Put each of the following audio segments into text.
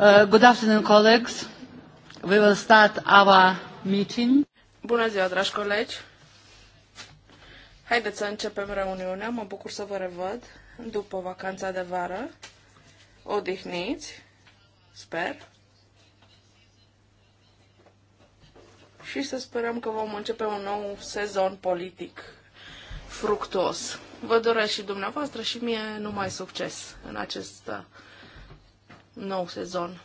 Uh, good afternoon, colleagues. We will start our meeting. Bună ziua, dragi colegi. Haideți să începem reuniunea. Mă bucur să vă revăd după vacanța de vară. Odihniți, sper. Și să sperăm că vom începe un nou sezon politic fructuos. Vă doresc și dumneavoastră și mie numai succes în acest nou sezon.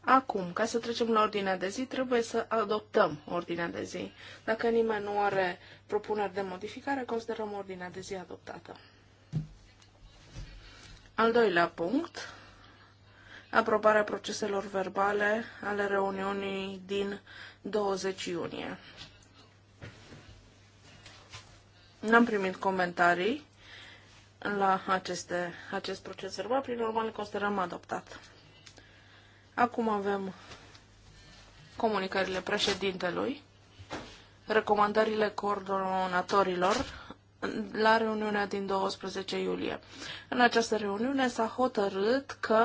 Acum, ca să trecem la ordinea de zi, trebuie să adoptăm ordinea de zi. Dacă nimeni nu are propuneri de modificare, considerăm ordinea de zi adoptată. Al doilea punct, aprobarea proceselor verbale ale reuniunii din 20 iunie. N-am primit comentarii la aceste, acest proces verbal, prin urmare îl considerăm adoptat. Acum avem comunicările președintelui, recomandările coordonatorilor la reuniunea din 12 iulie. În această reuniune s-a hotărât că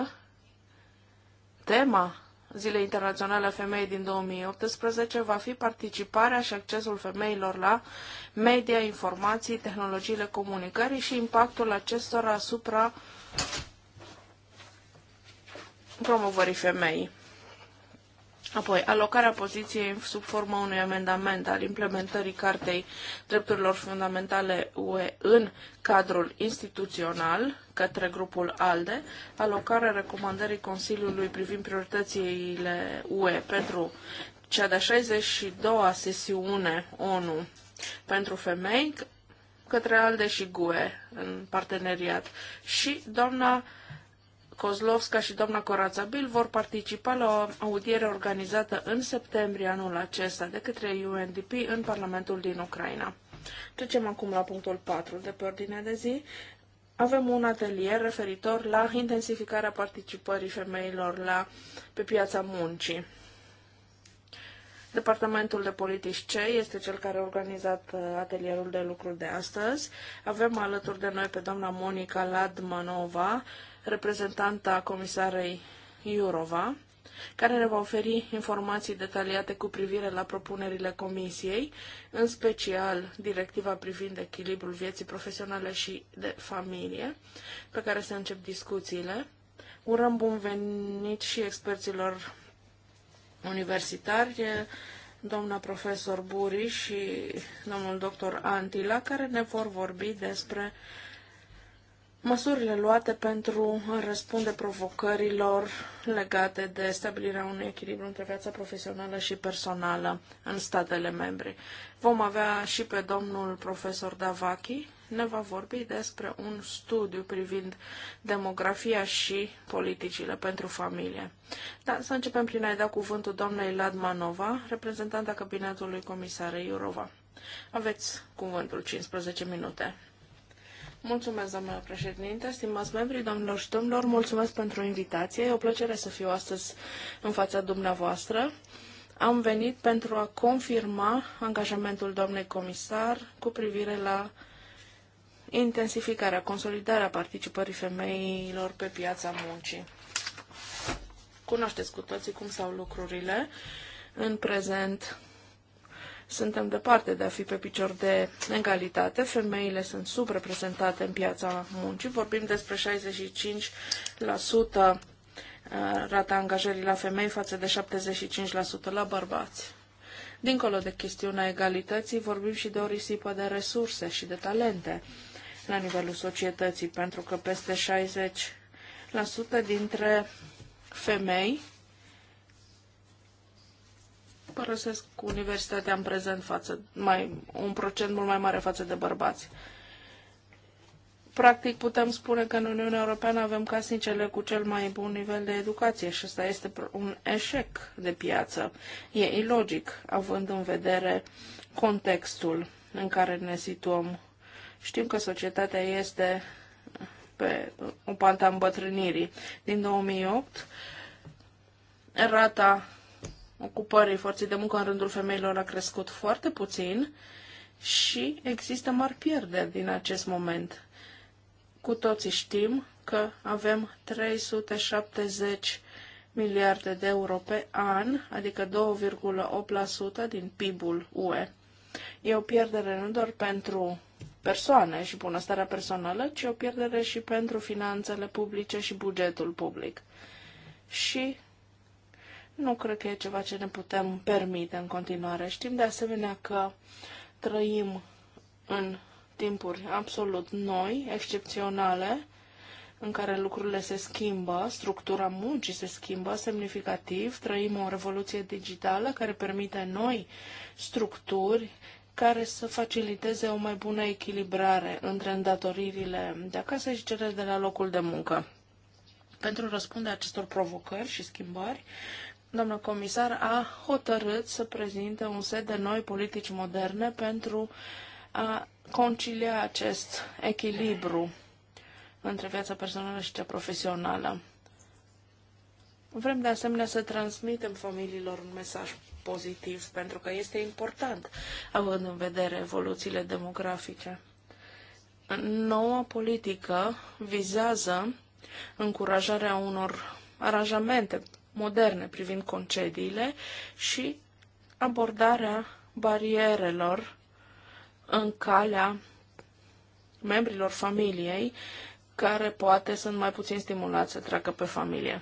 tema Zilei Internaționale a Femeii din 2018 va fi participarea și accesul femeilor la media, informații, tehnologiile comunicării și impactul acestora asupra promovării femeii. Apoi, alocarea poziției sub forma unui amendament al implementării Cartei Drepturilor Fundamentale UE în cadrul instituțional către grupul ALDE, alocarea recomandării Consiliului privind prioritățile UE pentru cea de-a 62-a sesiune ONU pentru femei către ALDE și GUE în parteneriat și doamna Kozlovska și doamna Corazabil vor participa la o audiere organizată în septembrie anul acesta de către UNDP în Parlamentul din Ucraina. Trecem acum la punctul 4 de pe ordinea de zi. Avem un atelier referitor la intensificarea participării femeilor la, pe piața muncii. Departamentul de politici C este cel care a organizat uh, atelierul de lucru de astăzi. Avem alături de noi pe doamna Monica Ladmanova, reprezentanta comisarei Iurova, care ne va oferi informații detaliate cu privire la propunerile Comisiei, în special directiva privind echilibrul vieții profesionale și de familie, pe care se încep discuțiile. Urăm bun venit și experților universitari, doamna profesor Buri și domnul doctor Antila, care ne vor vorbi despre uh, măsurile luate pentru a răspunde provocărilor legate de stabilirea unui echilibru între viața profesională și personală în statele membre. Vom avea și pe domnul profesor Davachi, ne va vorbi despre un studiu privind demografia și politicile pentru familie. Da, să începem prin a-i da cuvântul doamnei Ladmanova, reprezentanta cabinetului comisarei Iurova. Aveți cuvântul 15 minute. Mulțumesc, doamnă președinte, stimați membri, domnilor și domnilor, mulțumesc pentru invitație. E o plăcere să fiu astăzi în fața dumneavoastră. Am venit pentru a confirma angajamentul doamnei comisar cu privire la intensificarea, consolidarea participării femeilor pe piața muncii. Cunoașteți cu toții cum s-au lucrurile. În prezent, suntem departe de a fi pe picior de egalitate. Femeile sunt subreprezentate în piața muncii. Vorbim despre 65% uh, rata angajării la femei față de 75% la bărbați. Dincolo de chestiunea egalității, vorbim și de o risipă de resurse și de talente la nivelul societății, pentru că peste 60% dintre femei părăsesc universitatea în prezent față, mai, un procent mult mai mare față de bărbați. Practic putem spune că în Uniunea Europeană avem casnicele cu cel mai bun nivel de educație și ăsta este un eșec de piață. E ilogic, având în vedere contextul în care ne situăm. Știm că societatea este pe o panta îmbătrânirii. Din 2008, rata ocupării forței de muncă în rândul femeilor a crescut foarte puțin și există mari pierderi din acest moment. Cu toții știm că avem 370 miliarde de euro pe an, adică 2,8% din PIB-ul UE. E o pierdere nu doar pentru persoane și bunăstarea personală, ci o pierdere și pentru finanțele publice și bugetul public. Și nu cred că e ceva ce ne putem permite în continuare. Știm de asemenea că trăim în timpuri absolut noi, excepționale, în care lucrurile se schimbă, structura muncii se schimbă semnificativ, trăim o revoluție digitală care permite noi structuri care să faciliteze o mai bună echilibrare între îndatoririle de acasă și cele de la locul de muncă. Pentru răspunde acestor provocări și schimbări, doamna comisar a hotărât să prezinte un set de noi politici moderne pentru a concilia acest echilibru între viața personală și cea profesională. Vrem de asemenea să transmitem familiilor un mesaj pozitiv, pentru că este important, având în vedere evoluțiile demografice. Noua politică vizează încurajarea unor aranjamente moderne privind concediile și abordarea barierelor în calea membrilor familiei care poate sunt mai puțin stimulați să treacă pe familie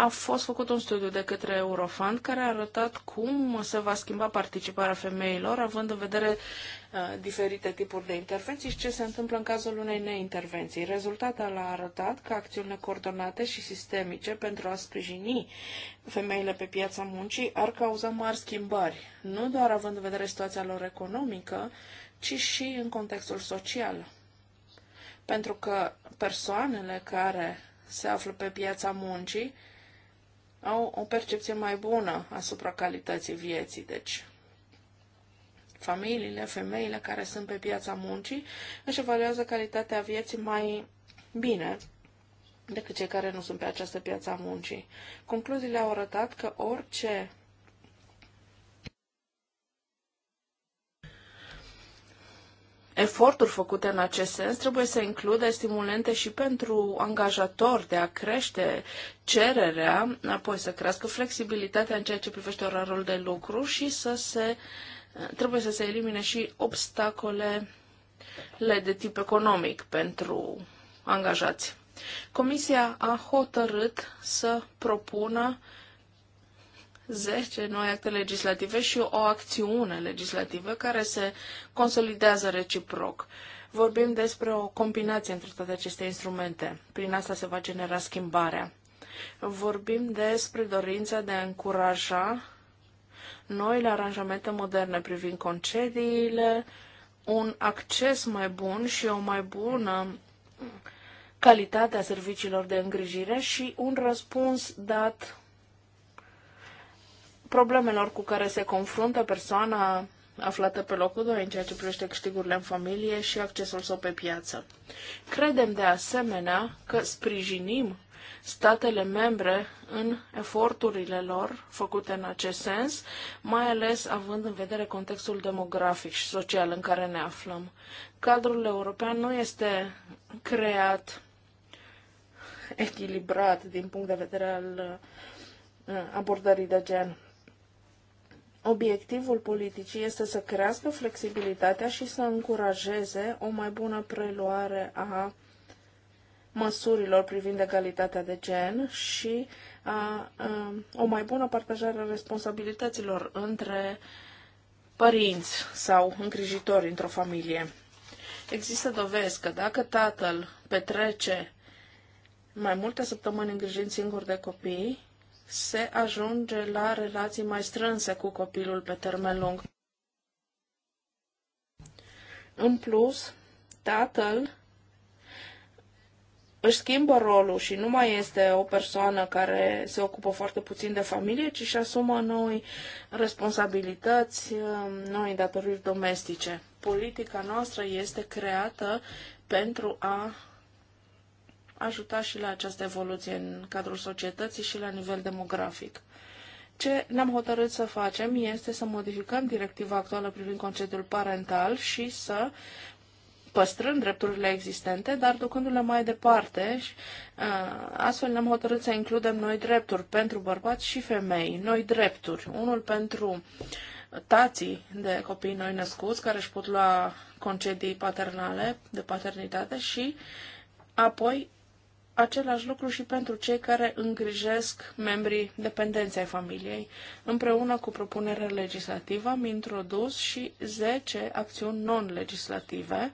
a fost făcut un studiu de către Eurofund care a arătat cum se va schimba participarea femeilor, având în vedere uh, diferite tipuri de intervenții și ce se întâmplă în cazul unei neintervenții. Rezultatul a arătat că acțiunile coordonate și sistemice pentru a sprijini femeile pe piața muncii ar cauza mari schimbări, nu doar având în vedere situația lor economică, ci și în contextul social. Pentru că persoanele care se află pe piața muncii au o percepție mai bună asupra calității vieții. Deci, familiile, femeile care sunt pe piața muncii își evaluează calitatea vieții mai bine decât cei care nu sunt pe această piață a muncii. Concluziile au arătat că orice Eforturi făcute în acest sens trebuie să includă stimulente și pentru angajator de a crește cererea, apoi să crească flexibilitatea în ceea ce privește orarul de lucru și să se, trebuie să se elimine și obstacolele de tip economic pentru angajați. Comisia a hotărât să propună 10 noi acte legislative și o acțiune legislativă care se consolidează reciproc. Vorbim despre o combinație între toate aceste instrumente. Prin asta se va genera schimbarea. Vorbim despre dorința de a încuraja noile aranjamente moderne privind concediile, un acces mai bun și o mai bună calitate a serviciilor de îngrijire și un răspuns dat problemelor cu care se confruntă persoana aflată pe locul 2 în ceea ce privește câștigurile în familie și accesul său pe piață. Credem de asemenea că sprijinim statele membre în eforturile lor făcute în acest sens, mai ales având în vedere contextul demografic și social în care ne aflăm. Cadrul european nu este creat echilibrat din punct de vedere al uh, abordării de gen. Obiectivul politicii este să crească flexibilitatea și să încurajeze o mai bună preluare a măsurilor privind egalitatea de gen și a, a, o mai bună partajare a responsabilităților între părinți sau îngrijitori într-o familie. Există dovezi că dacă tatăl petrece mai multe săptămâni îngrijind singur de copii, se ajunge la relații mai strânse cu copilul pe termen lung. În plus, tatăl își schimbă rolul și nu mai este o persoană care se ocupă foarte puțin de familie, ci și asumă noi responsabilități, noi datoriri domestice. Politica noastră este creată pentru a ajuta și la această evoluție în cadrul societății și la nivel demografic. Ce ne-am hotărât să facem este să modificăm directiva actuală privind concediul parental și să păstrând drepturile existente, dar ducându-le mai departe. Uh, astfel ne-am hotărât să includem noi drepturi pentru bărbați și femei, noi drepturi, unul pentru tații de copii noi născuți care își pot lua concedii paternale de paternitate și apoi același lucru și pentru cei care îngrijesc membrii dependenței familiei. Împreună cu propunerea legislativă am introdus și 10 acțiuni non-legislative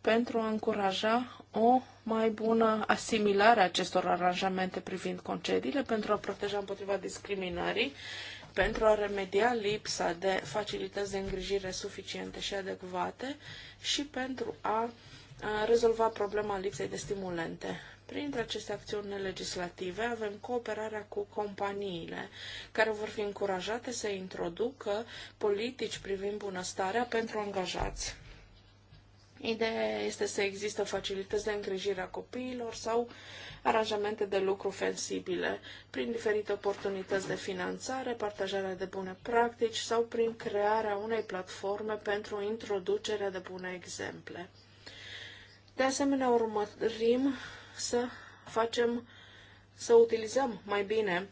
pentru a încuraja o mai bună asimilare a acestor aranjamente privind concediile, pentru a proteja împotriva discriminării, pentru a remedia lipsa de facilități de îngrijire suficiente și adecvate și pentru a rezolva problema lipsei de stimulente. Printre aceste acțiuni legislative avem cooperarea cu companiile, care vor fi încurajate să introducă politici privind bunăstarea pentru angajați. Ideea este să există facilități de îngrijire a copiilor sau aranjamente de lucru sensibile, prin diferite oportunități de finanțare, partajarea de bune practici sau prin crearea unei platforme pentru introducerea de bune exemple. De asemenea, urmărim să facem, să utilizăm mai bine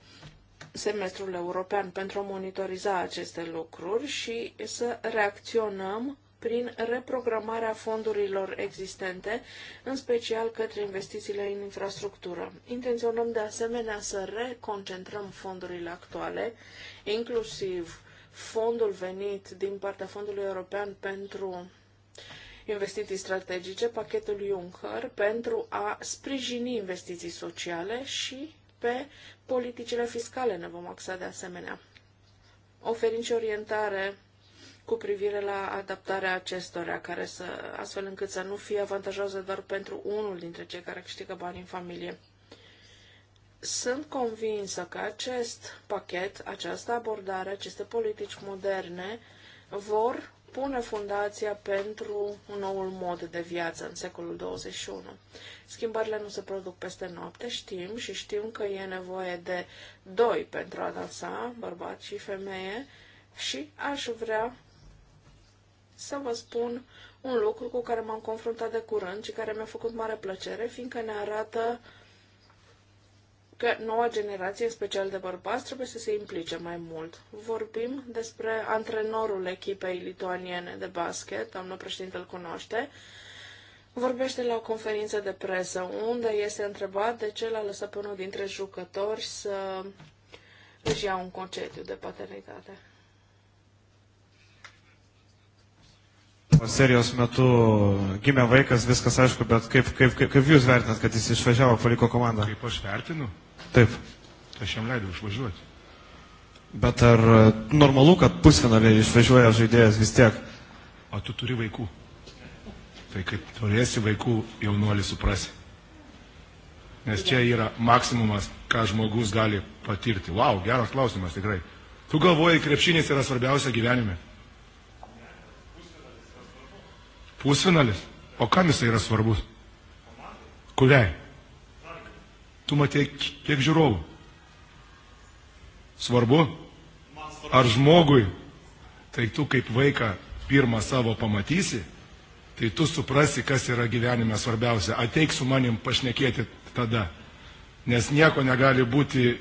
semestrul european pentru a monitoriza aceste lucruri și să reacționăm prin reprogramarea fondurilor existente, în special către investițiile în infrastructură. Intenționăm de asemenea să reconcentrăm fondurile actuale, inclusiv fondul venit din partea Fondului European pentru investiții strategice, pachetul Juncker, pentru a sprijini investiții sociale și pe politicile fiscale ne vom axa de asemenea, oferind și orientare cu privire la adaptarea acestora, care să, astfel încât să nu fie avantajoasă doar pentru unul dintre cei care câștigă bani în familie. Sunt convinsă că acest pachet, această abordare, aceste politici moderne vor pune fundația pentru un noul mod de viață în secolul 21. Schimbările nu se produc peste noapte, știm și știm că e nevoie de doi pentru a dansa, bărbat și femeie, și aș vrea să vă spun un lucru cu care m-am confruntat de curând și care mi-a făcut mare plăcere, fiindcă ne arată uh, că noua generație, în special de bărbați, trebuie să se implice mai mult. Vorbim despre antrenorul echipei lituaniene de basket, doamna președinte îl cunoaște, vorbește la o conferință de presă unde este întrebat de ce l-a lăsat pe unul dintre jucători să își ia un concediu de paternitate. serijos metu gimė vaikas, viskas aišku, bet kaip, kaip, kaip, kaip jūs vertinat, kad jis išvažiavo, paliko komandą? Kaip aš vertinu? Taip. Aš jam leidau išvažiuoti. Bet ar normalu, kad pusfinalį išvažiuoja žaidėjas vis tiek? O tu turi vaikų. Tai kaip turėsi vaikų, jaunuolį suprasi. Nes čia yra maksimumas, ką žmogus gali patirti. Vau, wow, geras klausimas tikrai. Tu galvoji, krepšinis yra svarbiausia gyvenime? Pusfinalis. O kam jisai yra svarbus? Kuliai? tu matei kiek žiūrovų. Svarbu? Ar žmogui, tai tu kaip vaiką pirmą savo pamatysi, tai tu suprasi, kas yra gyvenime svarbiausia. Ateik su manim pašnekėti tada. Nes nieko negali būti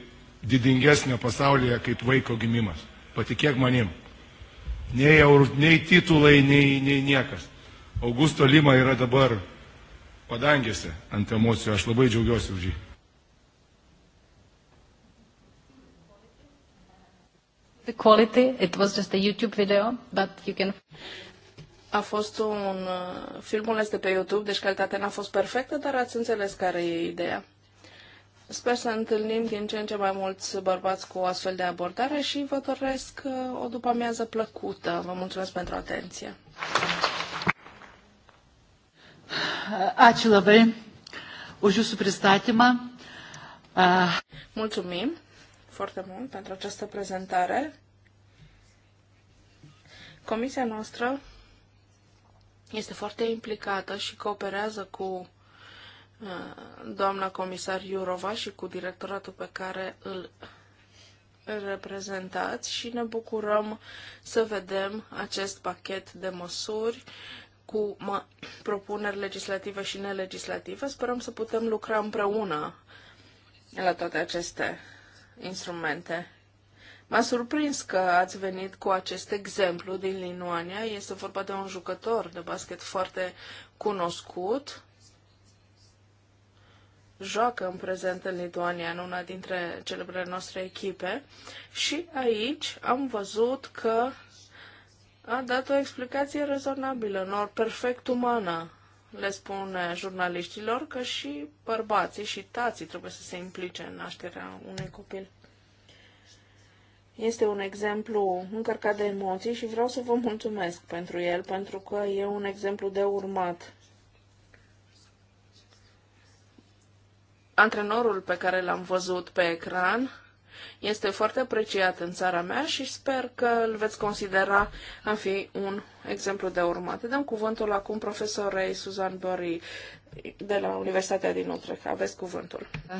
didingesnio pasaulyje kaip vaiko gimimas. Patikėk manim. Nei, nei titulai, nei, nei niekas. Augusto Lima yra dabar padangėse ant emocijų. Aš labai džiaugiuosi už jį. the quality. It was just a YouTube video, but you can... A fost un... Uh, filmul este pe YouTube, deci calitatea n-a fost perfectă, dar ați înțeles care e ideea. Sper să întâlnim din ce în ce mai mulți bărbați cu astfel de abordare și vă doresc uh, o după-amiază plăcută. Vă mulțumesc pentru atenție. Ačiū labai už jūsų pristatymą. Ah. Mulțumim foarte mult pentru această prezentare. Comisia noastră este foarte implicată și cooperează cu uh, doamna comisar Iurova și cu directoratul pe care îl reprezentați și ne bucurăm să vedem acest pachet de măsuri cu propuneri legislative și nelegislative. Sperăm să putem lucra împreună la toate aceste instrumente. M-a surprins că ați venit cu acest exemplu din Linoania. Este vorba de un jucător de basket foarte cunoscut. Joacă în prezent în Lituania, în una dintre celebrele noastre echipe. Și aici am văzut că a dat o explicație rezonabilă, nor perfect umană, le spune jurnaliștilor că și bărbații și tații trebuie să se implice în nașterea unui copil. Este un exemplu încărcat de emoții și vreau să vă mulțumesc pentru el, pentru că e un exemplu de urmat. Antrenorul pe care l-am văzut pe ecran este foarte apreciat în țara mea și sper că îl veți considera a fi un exemplu de urmat. Dăm cuvântul acum profesorei Suzan Bori de la Universitatea din Utrecht. Aveți cuvântul. Uh,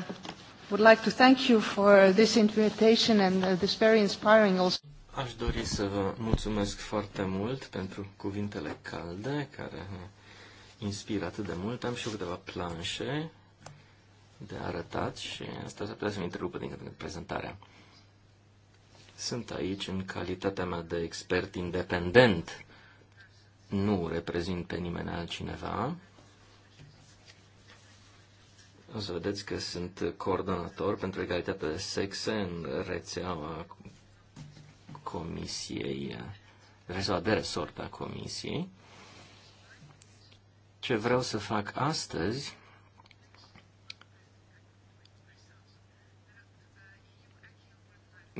would like to thank you for this invitation and uh, this very inspiring also. Aș dori să vă mulțumesc foarte mult pentru cuvintele calde care uh, inspiră atât de mult. Am și eu câteva planșe de arătat și asta s-ar putea să-mi întrerupă din când prezentarea. Sunt aici în calitatea mea de expert independent. Nu reprezint pe nimeni altcineva. O să vedeți că sunt coordonator pentru egalitatea de sexe în rețeaua comisiei, rețeaua de resort a comisiei. Ce vreau să fac astăzi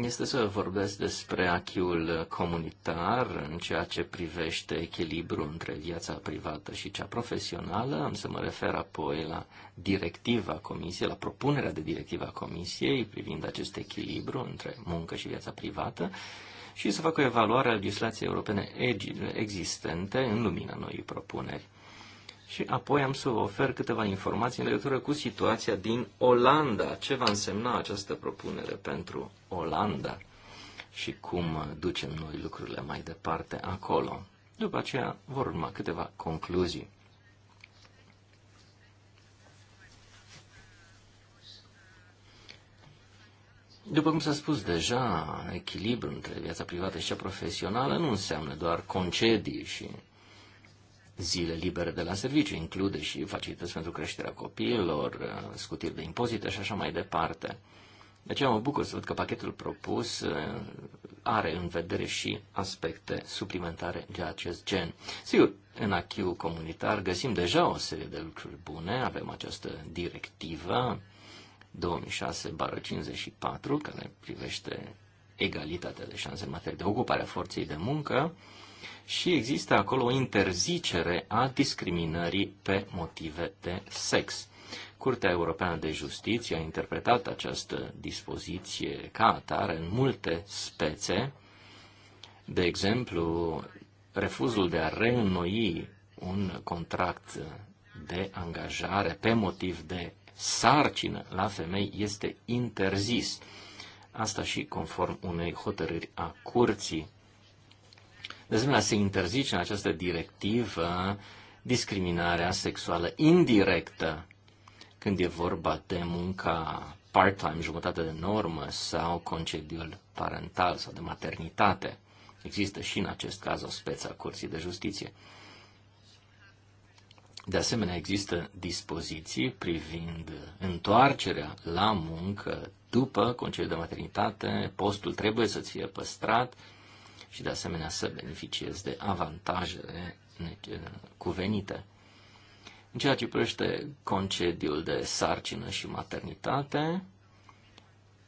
este să vorbesc despre achiul comunitar în ceea ce privește echilibru între viața privată și cea profesională. Am să mă refer apoi la directiva Comisiei, la propunerea de directiva Comisiei privind acest echilibru între muncă și viața privată și să fac o evaluare a legislației europene existente în lumina noii propuneri și apoi am să vă ofer câteva informații în legătură cu situația din Olanda, ce va însemna această propunere pentru Olanda și cum ducem noi lucrurile mai departe acolo. După aceea vor urma câteva concluzii. După cum s-a spus deja, echilibru între viața privată și cea profesională nu înseamnă doar concedii și zile libere de la serviciu, include și facilități pentru creșterea copiilor, uh, scutiri de impozite și așa mai departe. De aceea mă bucur să văd că pachetul propus uh, are în vedere și aspecte suplimentare de acest gen. Sigur, în achiul comunitar găsim deja o serie de lucruri bune, avem această directivă 2006-54 care privește egalitatea de șanse în materie de ocupare a forței de muncă, și există acolo o interzicere a discriminării pe motive de sex. Curtea Europeană de Justiție a interpretat această dispoziție ca atare în multe spețe, de exemplu, refuzul de a reînnoi un contract de angajare pe motiv de sarcină la femei este interzis. Asta și conform unei hotărâri a curții. De asemenea, se interzice în această directivă discriminarea sexuală indirectă când e vorba de munca part-time, jumătate de normă sau concediul parental sau de maternitate. Există și în acest caz o speță a Curții de Justiție. De asemenea, există dispoziții privind întoarcerea la muncă după concediul de maternitate, postul trebuie să-ți fie păstrat, și de asemenea să beneficiez de avantajele eh, cuvenite. În ceea ce privește concediul de sarcină și maternitate,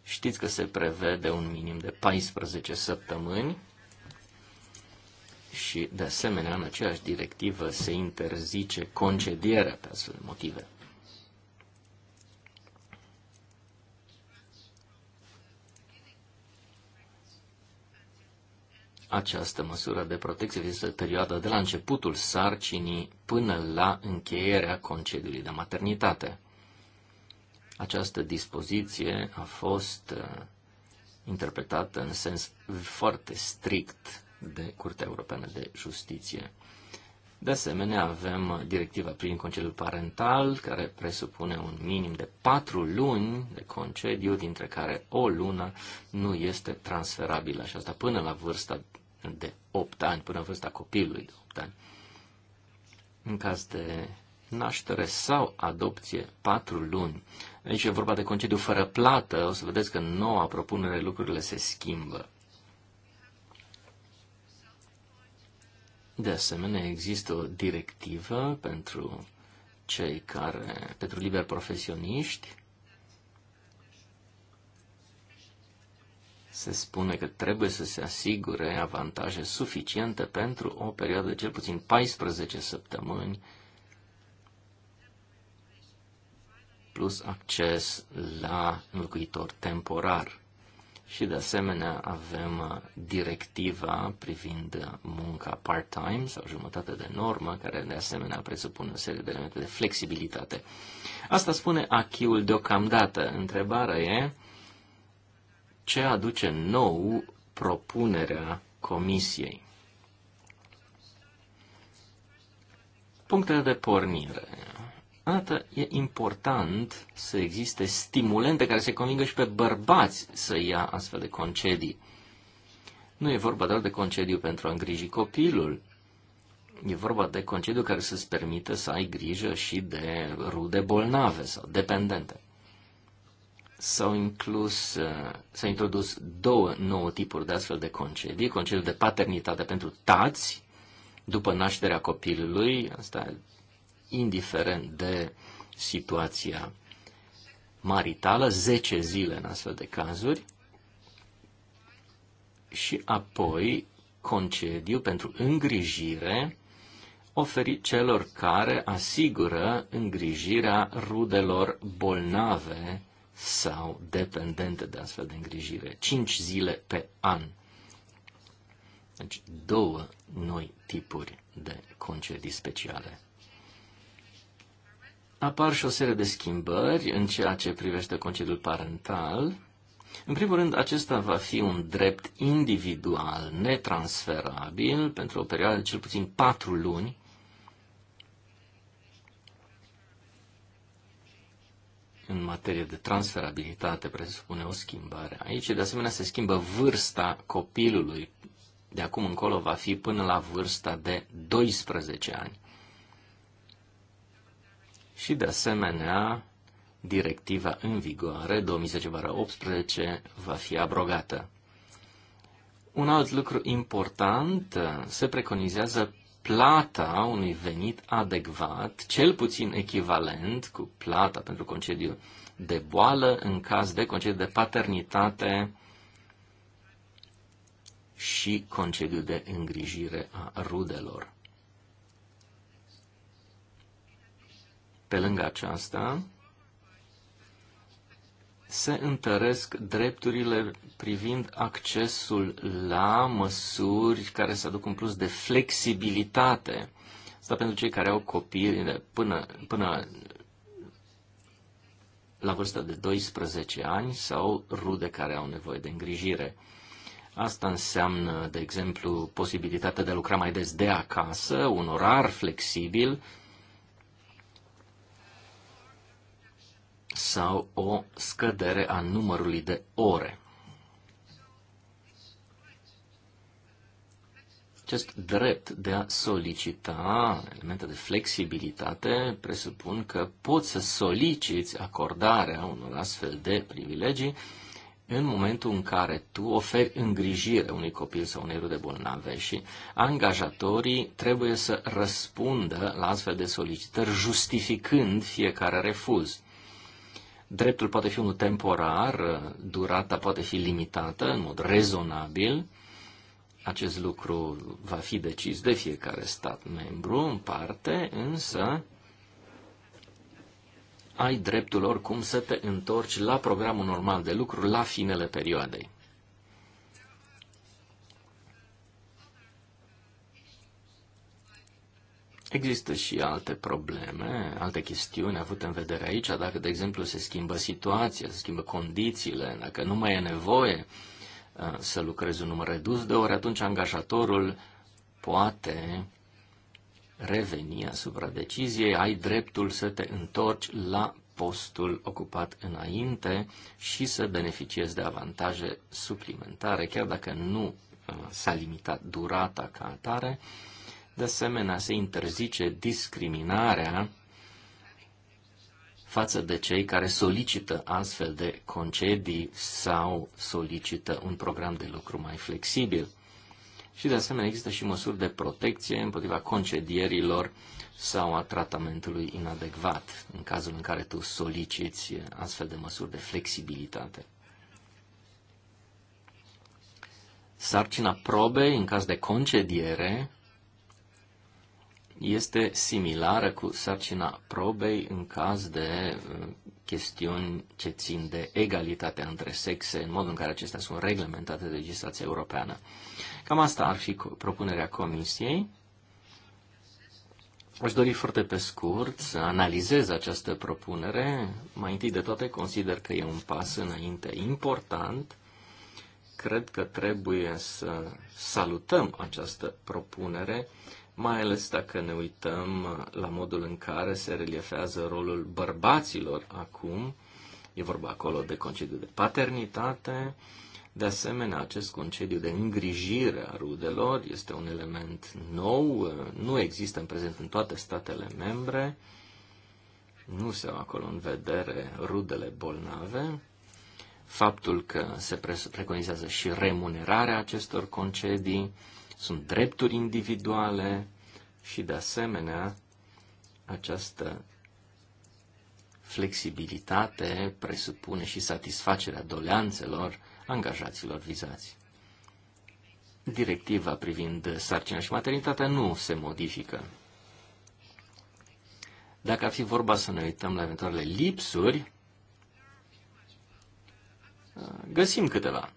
știți că se prevede un minim de 14 săptămâni și, de asemenea, în aceeași directivă se interzice concedierea pe astfel de motive. această măsură de protecție este perioada de la începutul sarcinii până la încheierea concediului de maternitate. Această dispoziție a fost uh, interpretată în sens foarte strict de Curtea Europeană de Justiție. De asemenea, avem directiva prin concediul parental, care presupune un minim de patru luni de concediu, dintre care o lună nu este transferabilă, și asta până la vârsta de 8 ani până vârsta copilului de 8 ani. În caz de naștere sau adopție 4 luni. Aici e vorba de concediu fără plată. O să vedeți că în noua propunere lucrurile se schimbă. De asemenea, există o directivă pentru cei care, pentru liberi profesioniști, se spune că trebuie să se asigure avantaje suficiente pentru o perioadă de cel puțin 14 săptămâni plus acces la locuitor temporar. Și de asemenea avem uh, directiva privind uh, munca part-time sau jumătate de normă, care de asemenea presupune o serie de elemente de flexibilitate. Asta spune achiul deocamdată. Întrebarea e ce aduce nou propunerea Comisiei. Punctele de pornire. Arată, e important să existe stimulente care se convingă și pe bărbați să ia astfel de concedii. Nu e vorba doar de concediu pentru a îngriji copilul, E vorba de concediu care să-ți permită să ai grijă și de rude bolnave sau dependente s-au inclus, uh, s-au introdus două nouă tipuri de astfel de concedii, concediul de paternitate pentru tați după nașterea copilului, asta indiferent de situația maritală, 10 zile în astfel de cazuri, și apoi concediu pentru îngrijire oferit celor care asigură îngrijirea rudelor bolnave sau dependente de astfel de îngrijire. 5 zile pe an. Deci două noi tipuri de concedii speciale. Apar și o serie de schimbări în ceea ce privește concediul parental. În primul rând, acesta va fi un drept individual, netransferabil, pentru o perioadă de cel puțin patru luni, în materie de transferabilitate presupune o schimbare. Aici, de asemenea, se schimbă vârsta copilului. De acum încolo va fi până la vârsta de 12 ani. Și, de asemenea, directiva în vigoare 2010-18 va fi abrogată. Un alt lucru important, se preconizează plata unui venit adecvat, cel puțin echivalent cu plata pentru concediu de boală în caz de concediu de paternitate și concediu de îngrijire a rudelor. Pe lângă aceasta, se întăresc drepturile privind accesul la măsuri care să aducă un plus de flexibilitate. Asta pentru cei care au copii până, până la vârsta de 12 ani sau rude care au nevoie de îngrijire. Asta înseamnă, de exemplu, posibilitatea de a lucra mai des de acasă, un orar flexibil sau o scădere a numărului de ore. Acest drept de a solicita elemente de flexibilitate presupun că poți să soliciți acordarea unor astfel de privilegii în momentul în care tu oferi îngrijire unui copil sau unei rude bolnave și angajatorii trebuie să răspundă la astfel de solicitări justificând fiecare refuz. Dreptul poate fi unul temporar, durata poate fi limitată în mod rezonabil, acest lucru va fi decis de fiecare stat membru în parte, însă ai dreptul oricum să te întorci la programul normal de lucru la finele perioadei. Există și alte probleme, alte chestiuni avute în vedere aici, dacă, de exemplu, se schimbă situația, se schimbă condițiile, dacă nu mai e nevoie uh, să lucrezi un număr redus de ore atunci angajatorul poate reveni asupra deciziei, ai dreptul să te întorci la postul ocupat înainte și să beneficiezi de avantaje suplimentare, chiar dacă nu s-a limitat durata ca atare. De asemenea, se interzice discriminarea față de cei care solicită astfel de concedii sau solicită un program de lucru mai flexibil. Și de asemenea există și măsuri de protecție împotriva concedierilor sau a tratamentului inadecvat, în cazul în care tu soliciți astfel de măsuri de flexibilitate. Sarcina probei în caz de concediere este similară cu sarcina probei în caz de uh, chestiuni ce țin de egalitatea între sexe, în modul în care acestea sunt reglementate de legislația europeană. Cam asta ar fi propunerea Comisiei. Aș dori foarte pe scurt să analizez această propunere. Mai întâi de toate consider că e un pas înainte important. Cred că trebuie să salutăm această propunere mai ales dacă ne uităm la modul în care se reliefează rolul bărbaților acum. E vorba acolo de concediu de paternitate, de asemenea, acest concediu de îngrijire a rudelor este un element nou, nu există în prezent în toate statele membre, nu se au acolo în vedere rudele bolnave. Faptul că se preconizează și remunerarea acestor concedii, sunt drepturi individuale și, de asemenea, această flexibilitate presupune și satisfacerea doleanțelor angajaților vizați. Directiva privind sarcina și maternitatea nu se modifică. Dacă ar fi vorba să ne uităm la eventualele lipsuri, găsim câteva.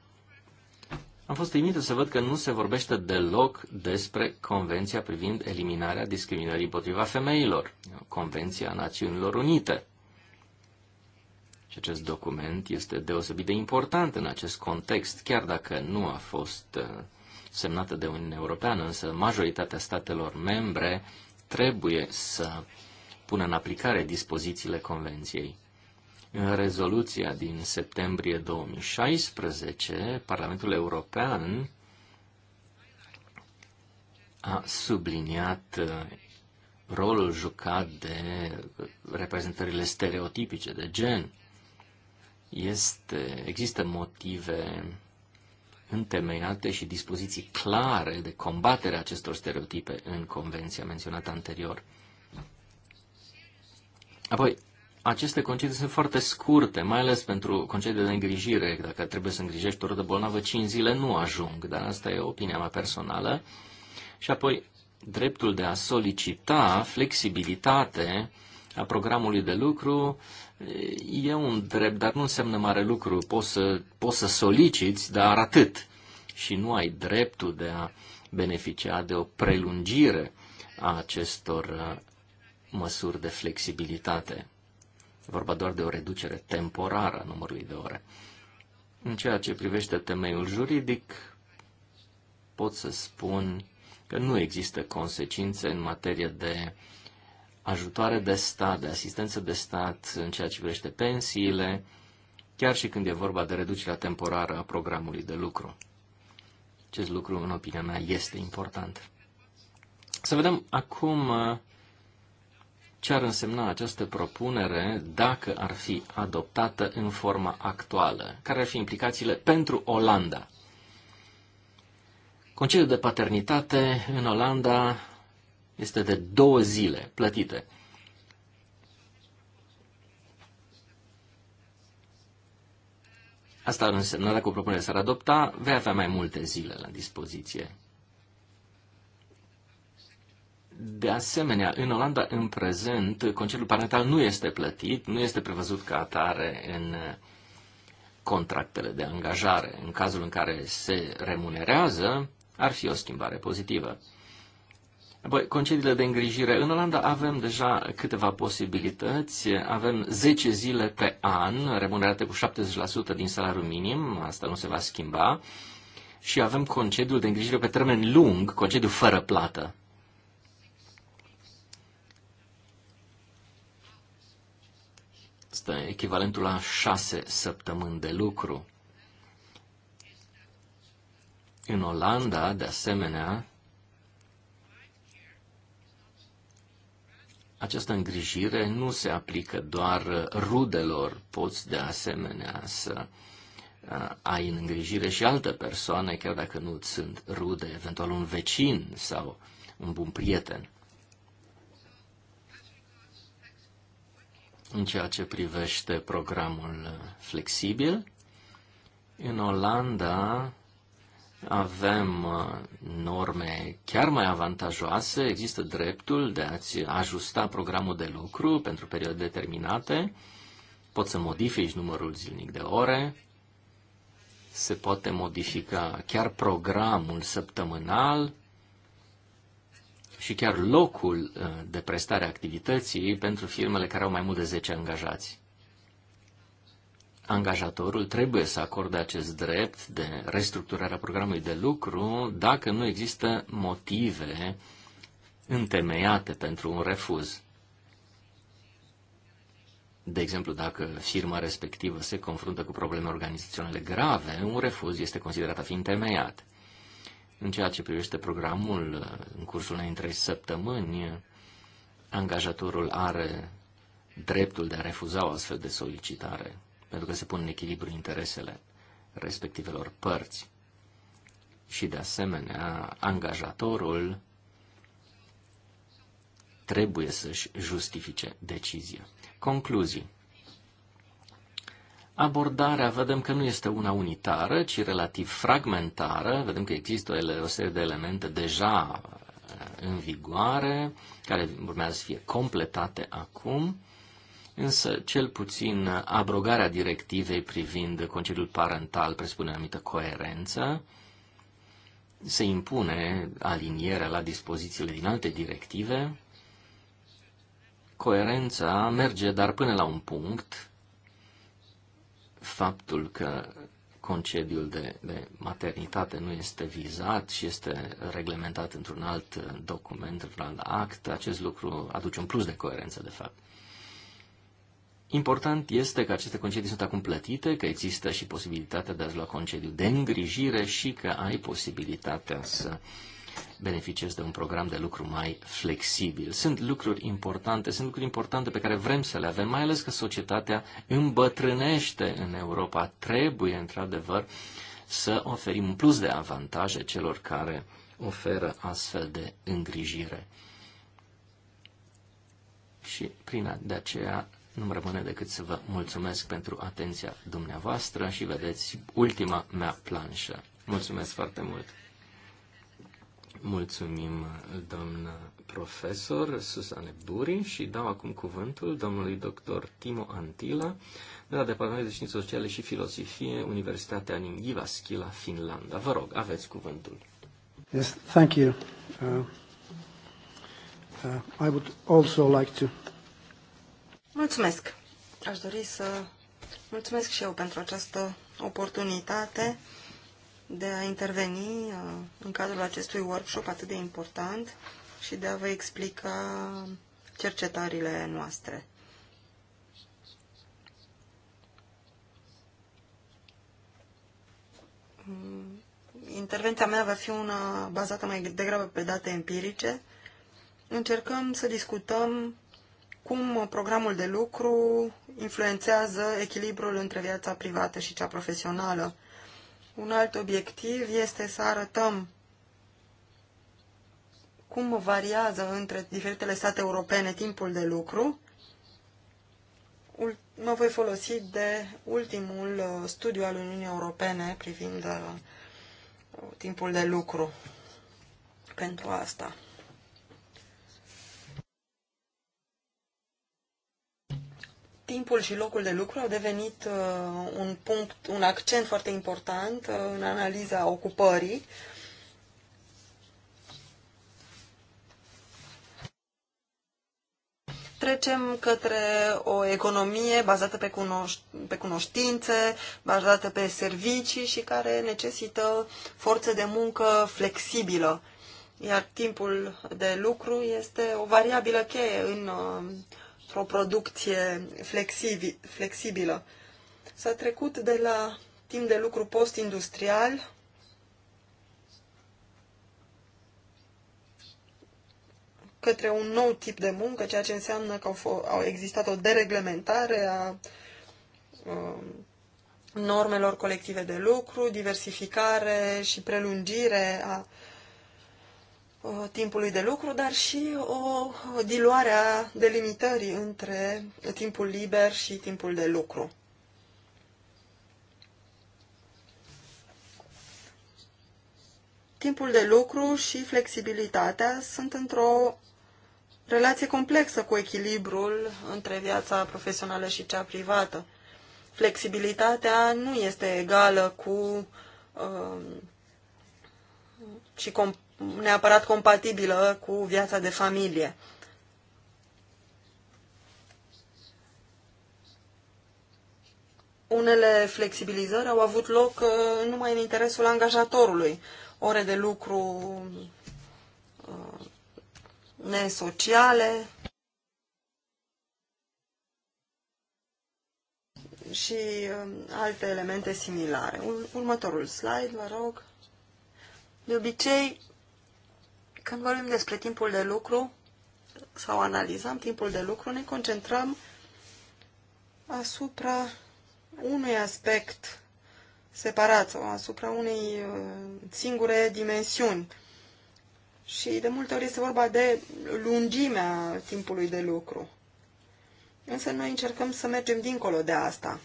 Am fost uimită să văd că nu se vorbește deloc despre Convenția privind eliminarea discriminării împotriva femeilor, Convenția Națiunilor Unite. Și acest document este deosebit de important în acest context, chiar dacă nu a fost uh, semnată de Uniunea Europeană, însă majoritatea statelor membre trebuie să pună în aplicare dispozițiile Convenției. În rezoluția din septembrie 2016, Parlamentul European a subliniat uh, rolul jucat de uh, reprezentările stereotipice de gen. Este, există motive întemeiate și dispoziții clare de combatere a acestor stereotipe în convenția menționată anterior. Apoi, aceste concedii sunt foarte scurte, mai ales pentru concedii de îngrijire. Dacă trebuie să îngrijești o rudă bolnavă, 5 zile nu ajung, dar asta e opinia mea personală. Și apoi, dreptul de a solicita flexibilitate a programului de lucru e un drept, dar nu înseamnă mare lucru. Poți să, poți să soliciți, dar atât. Și nu ai dreptul de a beneficia de o prelungire a acestor uh, măsuri de flexibilitate vorba doar de o reducere temporară a numărului de ore. În ceea ce privește temeiul juridic, pot să spun că nu există consecințe în materie de ajutoare de stat, de asistență de stat în ceea ce privește pensiile, chiar și când e vorba de reducerea temporară a programului de lucru. Acest lucru, în opinia mea, este important. Să vedem acum uh, ce ar însemna această propunere dacă ar fi adoptată în forma actuală? Care ar fi implicațiile pentru Olanda? Concediul de paternitate în Olanda este de două zile plătite. Asta ar însemna, dacă o propunere s-ar adopta, vei avea mai multe zile la dispoziție de asemenea, în Olanda, în prezent, concediul parental nu este plătit, nu este prevăzut ca atare în contractele de angajare. În cazul în care se remunerează, ar fi o schimbare pozitivă. Apoi, concediile de îngrijire. În Olanda avem deja câteva posibilități. Avem 10 zile pe an, remunerate cu 70% din salariul minim, asta nu se va schimba, și avem concediul de îngrijire pe termen lung, concediu fără plată. este echivalentul la șase săptămâni de lucru. În Olanda, de asemenea, această îngrijire nu se aplică doar rudelor, poți de asemenea să ai în îngrijire și alte persoane, chiar dacă nu sunt rude, eventual un vecin sau un bun prieten. în ceea ce privește programul flexibil. În Olanda avem uh, norme chiar mai avantajoase, există dreptul de a-ți ajusta programul de lucru pentru perioade determinate, poți să modifici numărul zilnic de ore, se poate modifica chiar programul săptămânal, și chiar locul uh, de prestare a activității pentru firmele care au mai mult de 10 angajați. Angajatorul trebuie să acorde acest drept de restructurare a programului de lucru dacă nu există motive întemeiate pentru un refuz. De exemplu, dacă firma respectivă se confruntă cu probleme organizaționale grave, un refuz este considerat a fi întemeiat. În ceea ce privește programul, uh, în cursul unei trei săptămâni, uh, angajatorul are dreptul de a refuza o astfel de solicitare, pentru că se pun în echilibru interesele respectivelor părți. Și, de asemenea, angajatorul trebuie să-și justifice decizia. Concluzii. Abordarea vedem că nu este una unitară, ci relativ fragmentară. Vedem că există o serie de elemente deja uh, în vigoare, care urmează să fie completate acum, însă cel puțin abrogarea directivei privind concediul parental presupune anumită coerență, se impune alinierea la dispozițiile din alte directive, coerența merge dar până la un punct, faptul că concediul de, de maternitate nu este vizat și este reglementat într-un alt document, într-un alt act, acest lucru aduce un plus de coerență, de fapt. Important este că aceste concedii sunt acum plătite, că există și posibilitatea de a-ți lua concediu de îngrijire și că ai posibilitatea să uh, beneficiez de un program de lucru mai flexibil. Sunt lucruri importante, sunt lucruri importante pe care vrem să le avem, mai ales că societatea îmbătrânește în Europa. Trebuie, într-adevăr, să oferim un plus de avantaje celor care oferă astfel de îngrijire. Și prin de aceea nu rămâne decât să vă mulțumesc pentru atenția dumneavoastră și vedeți ultima mea planșă. Mulțumesc foarte mult! Mulțumim, doamnă profesor Susane Buri și dau acum cuvântul domnului doctor Timo Antila de la Departamentul de Științe Sociale și Filosofie, Universitatea Ningivaskila, Finlanda. Vă rog, aveți cuvântul. Yes, thank you. Uh, uh, I would also like to... Mulțumesc. Aș dori să mulțumesc și eu pentru această oportunitate de a interveni uh, în cadrul acestui workshop atât de important și de a vă explica cercetările noastre. Mm, intervenția mea va fi una bazată mai degrabă pe date empirice. Încercăm să discutăm cum programul de lucru influențează echilibrul între viața privată și cea profesională un alt obiectiv este să arătăm cum variază între diferitele state europene timpul de lucru. Mă voi folosi de ultimul uh, studiu al Uniunii Europene privind uh, timpul de lucru pentru asta. timpul și locul de lucru au devenit uh, un punct, un accent foarte important uh, în analiza ocupării. Trecem către o economie bazată pe, cunoș- pe cunoștințe, bazată pe servicii și care necesită forță de muncă flexibilă. Iar timpul de lucru este o variabilă cheie în uh, o producție flexibil, flexibilă. S-a trecut de la timp de lucru post-industrial către un nou tip de muncă, ceea ce înseamnă că au, au existat o dereglementare a um, normelor colective de lucru, diversificare și prelungire a Uh, timpului de lucru, dar și o diluare a delimitării între timpul liber și timpul de lucru. Timpul de lucru și flexibilitatea sunt într-o relație complexă cu echilibrul între viața profesională și cea privată. Flexibilitatea nu este egală cu uh, și comp neapărat compatibilă cu viața de familie. Unele flexibilizări au avut loc uh, numai în interesul angajatorului. Ore de lucru uh, nesociale și uh, alte elemente similare. Următorul slide, vă rog. De obicei, când vorbim despre timpul de lucru sau analizăm timpul de lucru, ne concentrăm asupra unui aspect separat sau asupra unei uh, singure dimensiuni. Și de multe ori este vorba de lungimea timpului de lucru. Însă noi încercăm să mergem dincolo de asta.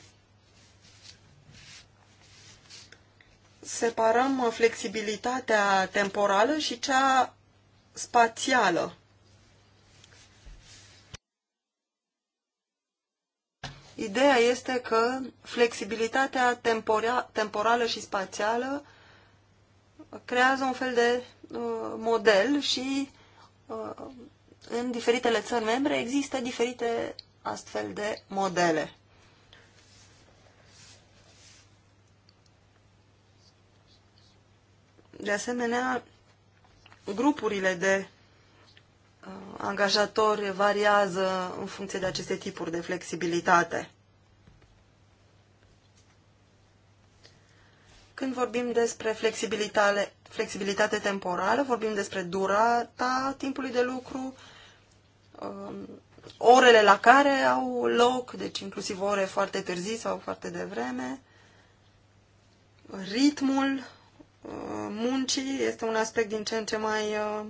Separăm flexibilitatea temporală și cea spațială. Ideea este că flexibilitatea tempora, temporală și spațială creează un fel de uh, model și uh, în diferitele țări membre există diferite astfel de modele. De asemenea, grupurile de uh, angajatori variază în funcție de aceste tipuri de flexibilitate. Când vorbim despre flexibilitate, flexibilitate temporală, vorbim despre durata timpului de lucru, um, orele la care au loc, deci inclusiv ore foarte târzii sau foarte devreme, ritmul muncii este un aspect din ce în ce mai uh,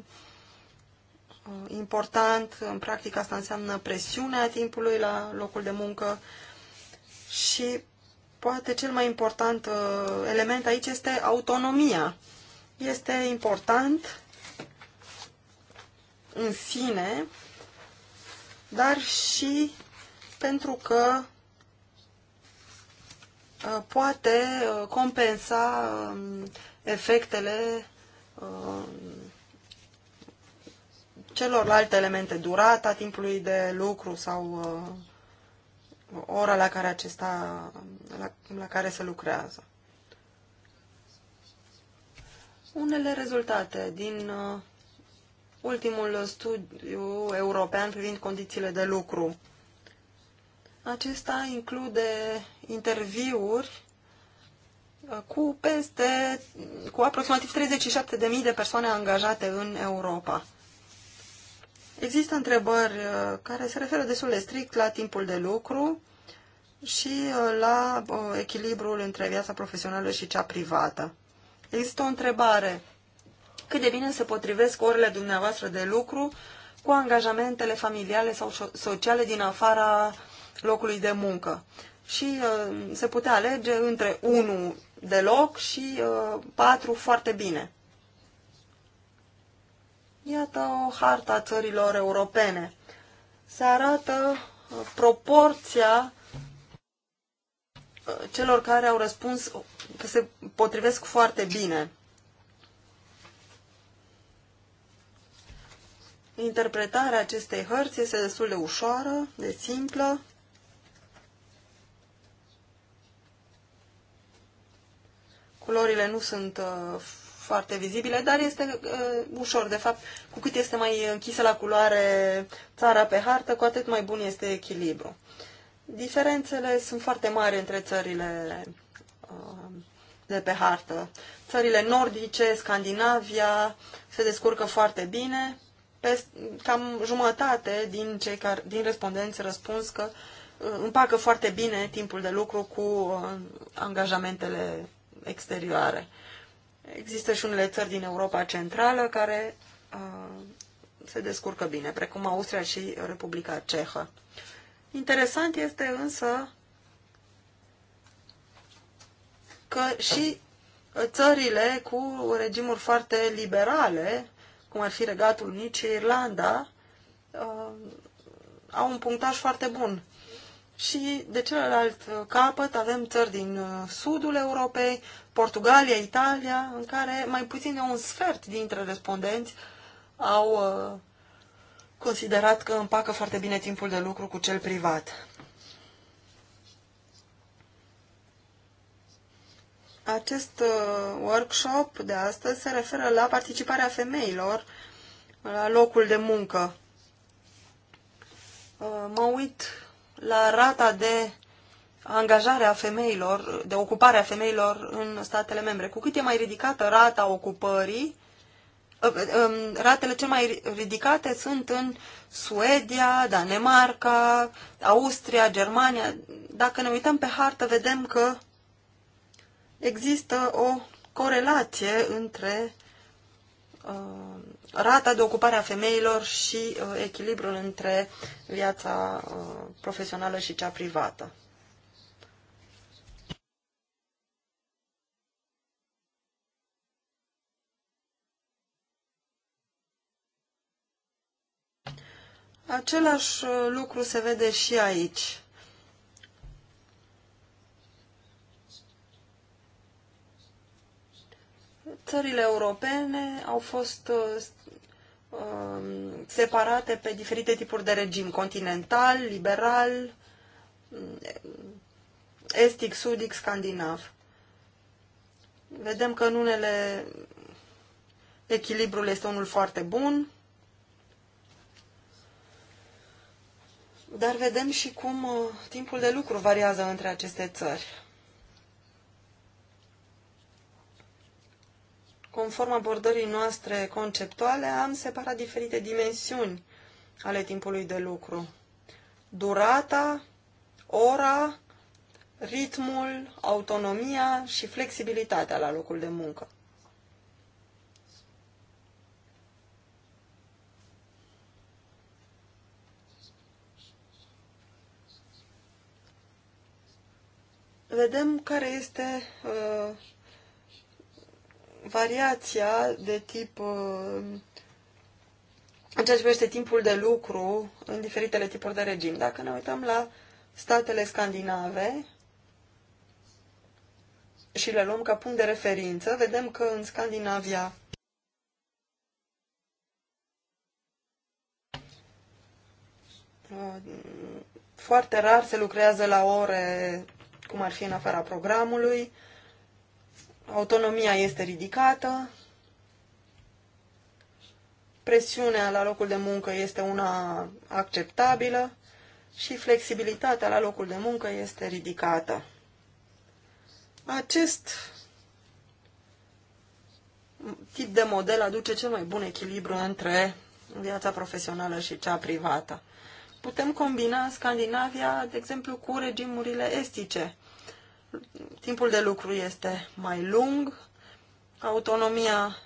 uh, important. În practică asta înseamnă presiunea timpului la locul de muncă și poate cel mai important uh, element aici este autonomia. Este important în sine, dar și pentru că poate compensa um, efectele uh, celorlalte elemente, durata timpului de lucru sau uh, ora la care, acesta, la, la care se lucrează. Unele rezultate din uh, ultimul studiu european privind condițiile de lucru. Acesta include interviuri cu peste, cu aproximativ 37.000 de persoane angajate în Europa. Există întrebări uh, care se referă destul de strict la timpul de lucru și uh, la uh, echilibrul între viața profesională și cea privată. Există o întrebare. Cât de bine se potrivesc orele dumneavoastră de lucru cu angajamentele familiale sau sociale din afara locului de muncă? Și se putea alege între 1 deloc și uh, patru foarte bine. Iată o harta a țărilor europene. Se arată uh, proporția uh, celor care au răspuns că se potrivesc foarte bine. Interpretarea acestei hărți este destul de ușoară, de simplă. Culorile nu sunt uh, foarte vizibile, dar este uh, ușor. De fapt, cu cât este mai închisă la culoare țara pe hartă, cu atât mai bun este echilibru. Diferențele sunt foarte mari între țările uh, de pe hartă. Țările nordice, Scandinavia, se descurcă foarte bine. Pe cam jumătate din, cei care, din respondenți răspuns că împacă foarte bine timpul de lucru cu angajamentele exterioare. Există și unele țări din Europa Centrală care uh, se descurcă bine, precum Austria și Republica Cehă. Interesant este însă că și țările cu regimuri foarte liberale, cum ar fi Regatul Unit și Irlanda, uh, au un punctaj foarte bun și de celălalt uh, capăt avem țări din uh, sudul Europei, Portugalia, Italia, în care mai puțin de un sfert dintre respondenți au uh, considerat că împacă foarte bine timpul de lucru cu cel privat. Acest workshop de astăzi se referă la participarea femeilor la locul de muncă. Mă uit la rata de angajare a femeilor, de ocupare a femeilor în statele membre. Cu cât e mai ridicată rata ocupării, ă, ă, ă, ratele cel mai ridicate sunt în Suedia, Danemarca, Austria, Germania. Dacă ne uităm pe hartă, vedem că există o corelație între rata de ocupare a femeilor și uh, echilibrul între viața uh, profesională și cea privată. Același uh, lucru se vede și aici. Țările europene au fost Um, separate pe diferite tipuri de regim, continental, liberal, mm, estic, sudic, scandinav. Vedem că în unele echilibrul este unul foarte bun, dar vedem și cum uh, timpul de lucru variază între aceste țări. conform abordării noastre conceptuale, am separat diferite dimensiuni ale timpului de lucru. Durata, ora, ritmul, autonomia și flexibilitatea la locul de muncă. Vedem care este uh, variația de tip uh, în ceea ce privește timpul de lucru în diferitele tipuri de regim. Dacă ne uităm la statele scandinave și le luăm ca punct de referință, vedem că în Scandinavia uh, foarte rar se lucrează la ore cum ar fi în afara programului, autonomia este ridicată, presiunea la locul de muncă este una acceptabilă și flexibilitatea la locul de muncă este ridicată. Acest tip de model aduce cel mai bun echilibru între viața profesională și cea privată. Putem combina Scandinavia, de exemplu, cu regimurile estice timpul de lucru este mai lung, autonomia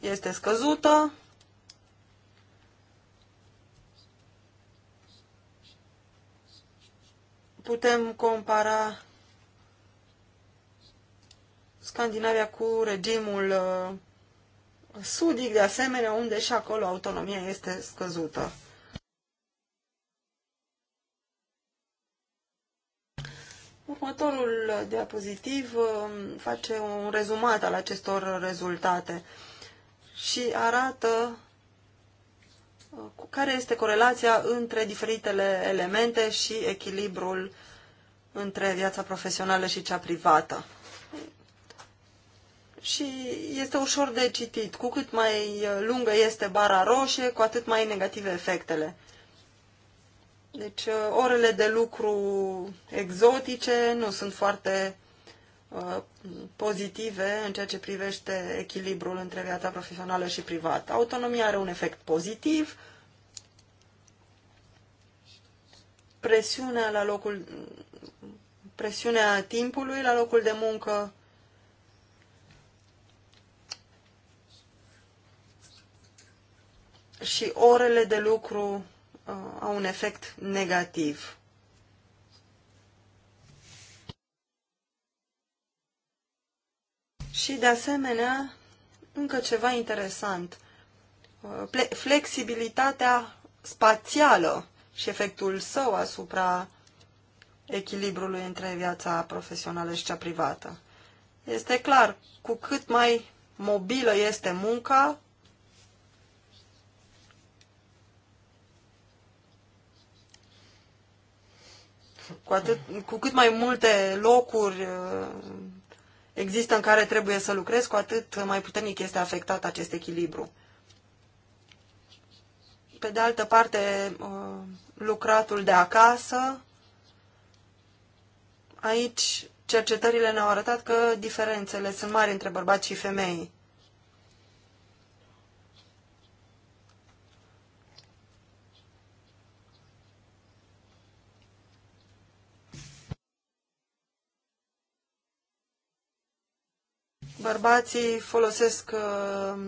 este scăzută, putem compara Scandinavia cu regimul uh, sudic, de asemenea, unde și acolo autonomia este scăzută. Următorul diapozitiv um, face un rezumat al acestor rezultate și arată uh, care este corelația între diferitele elemente și echilibrul între viața profesională și cea privată. Și este ușor de citit. Cu cât mai uh, lungă este bara roșie, cu atât mai negative efectele. Deci, uh, orele de lucru exotice nu sunt foarte uh, pozitive în ceea ce privește echilibrul între viața profesională și privată. Autonomia are un efect pozitiv, presiunea la locul presiunea timpului la locul de muncă și orele de lucru Uh, au un efect negativ. Și, de asemenea, încă ceva interesant, uh, flexibilitatea spațială și efectul său asupra echilibrului între viața profesională și cea privată. Este clar, cu cât mai mobilă este munca, Cu, atât, cu cât mai multe locuri uh, există în care trebuie să lucrezi, cu atât mai puternic este afectat acest echilibru. Pe de altă parte, uh, lucratul de acasă, aici cercetările ne-au arătat că diferențele sunt mari între bărbați și femei. bărbații folosesc uh,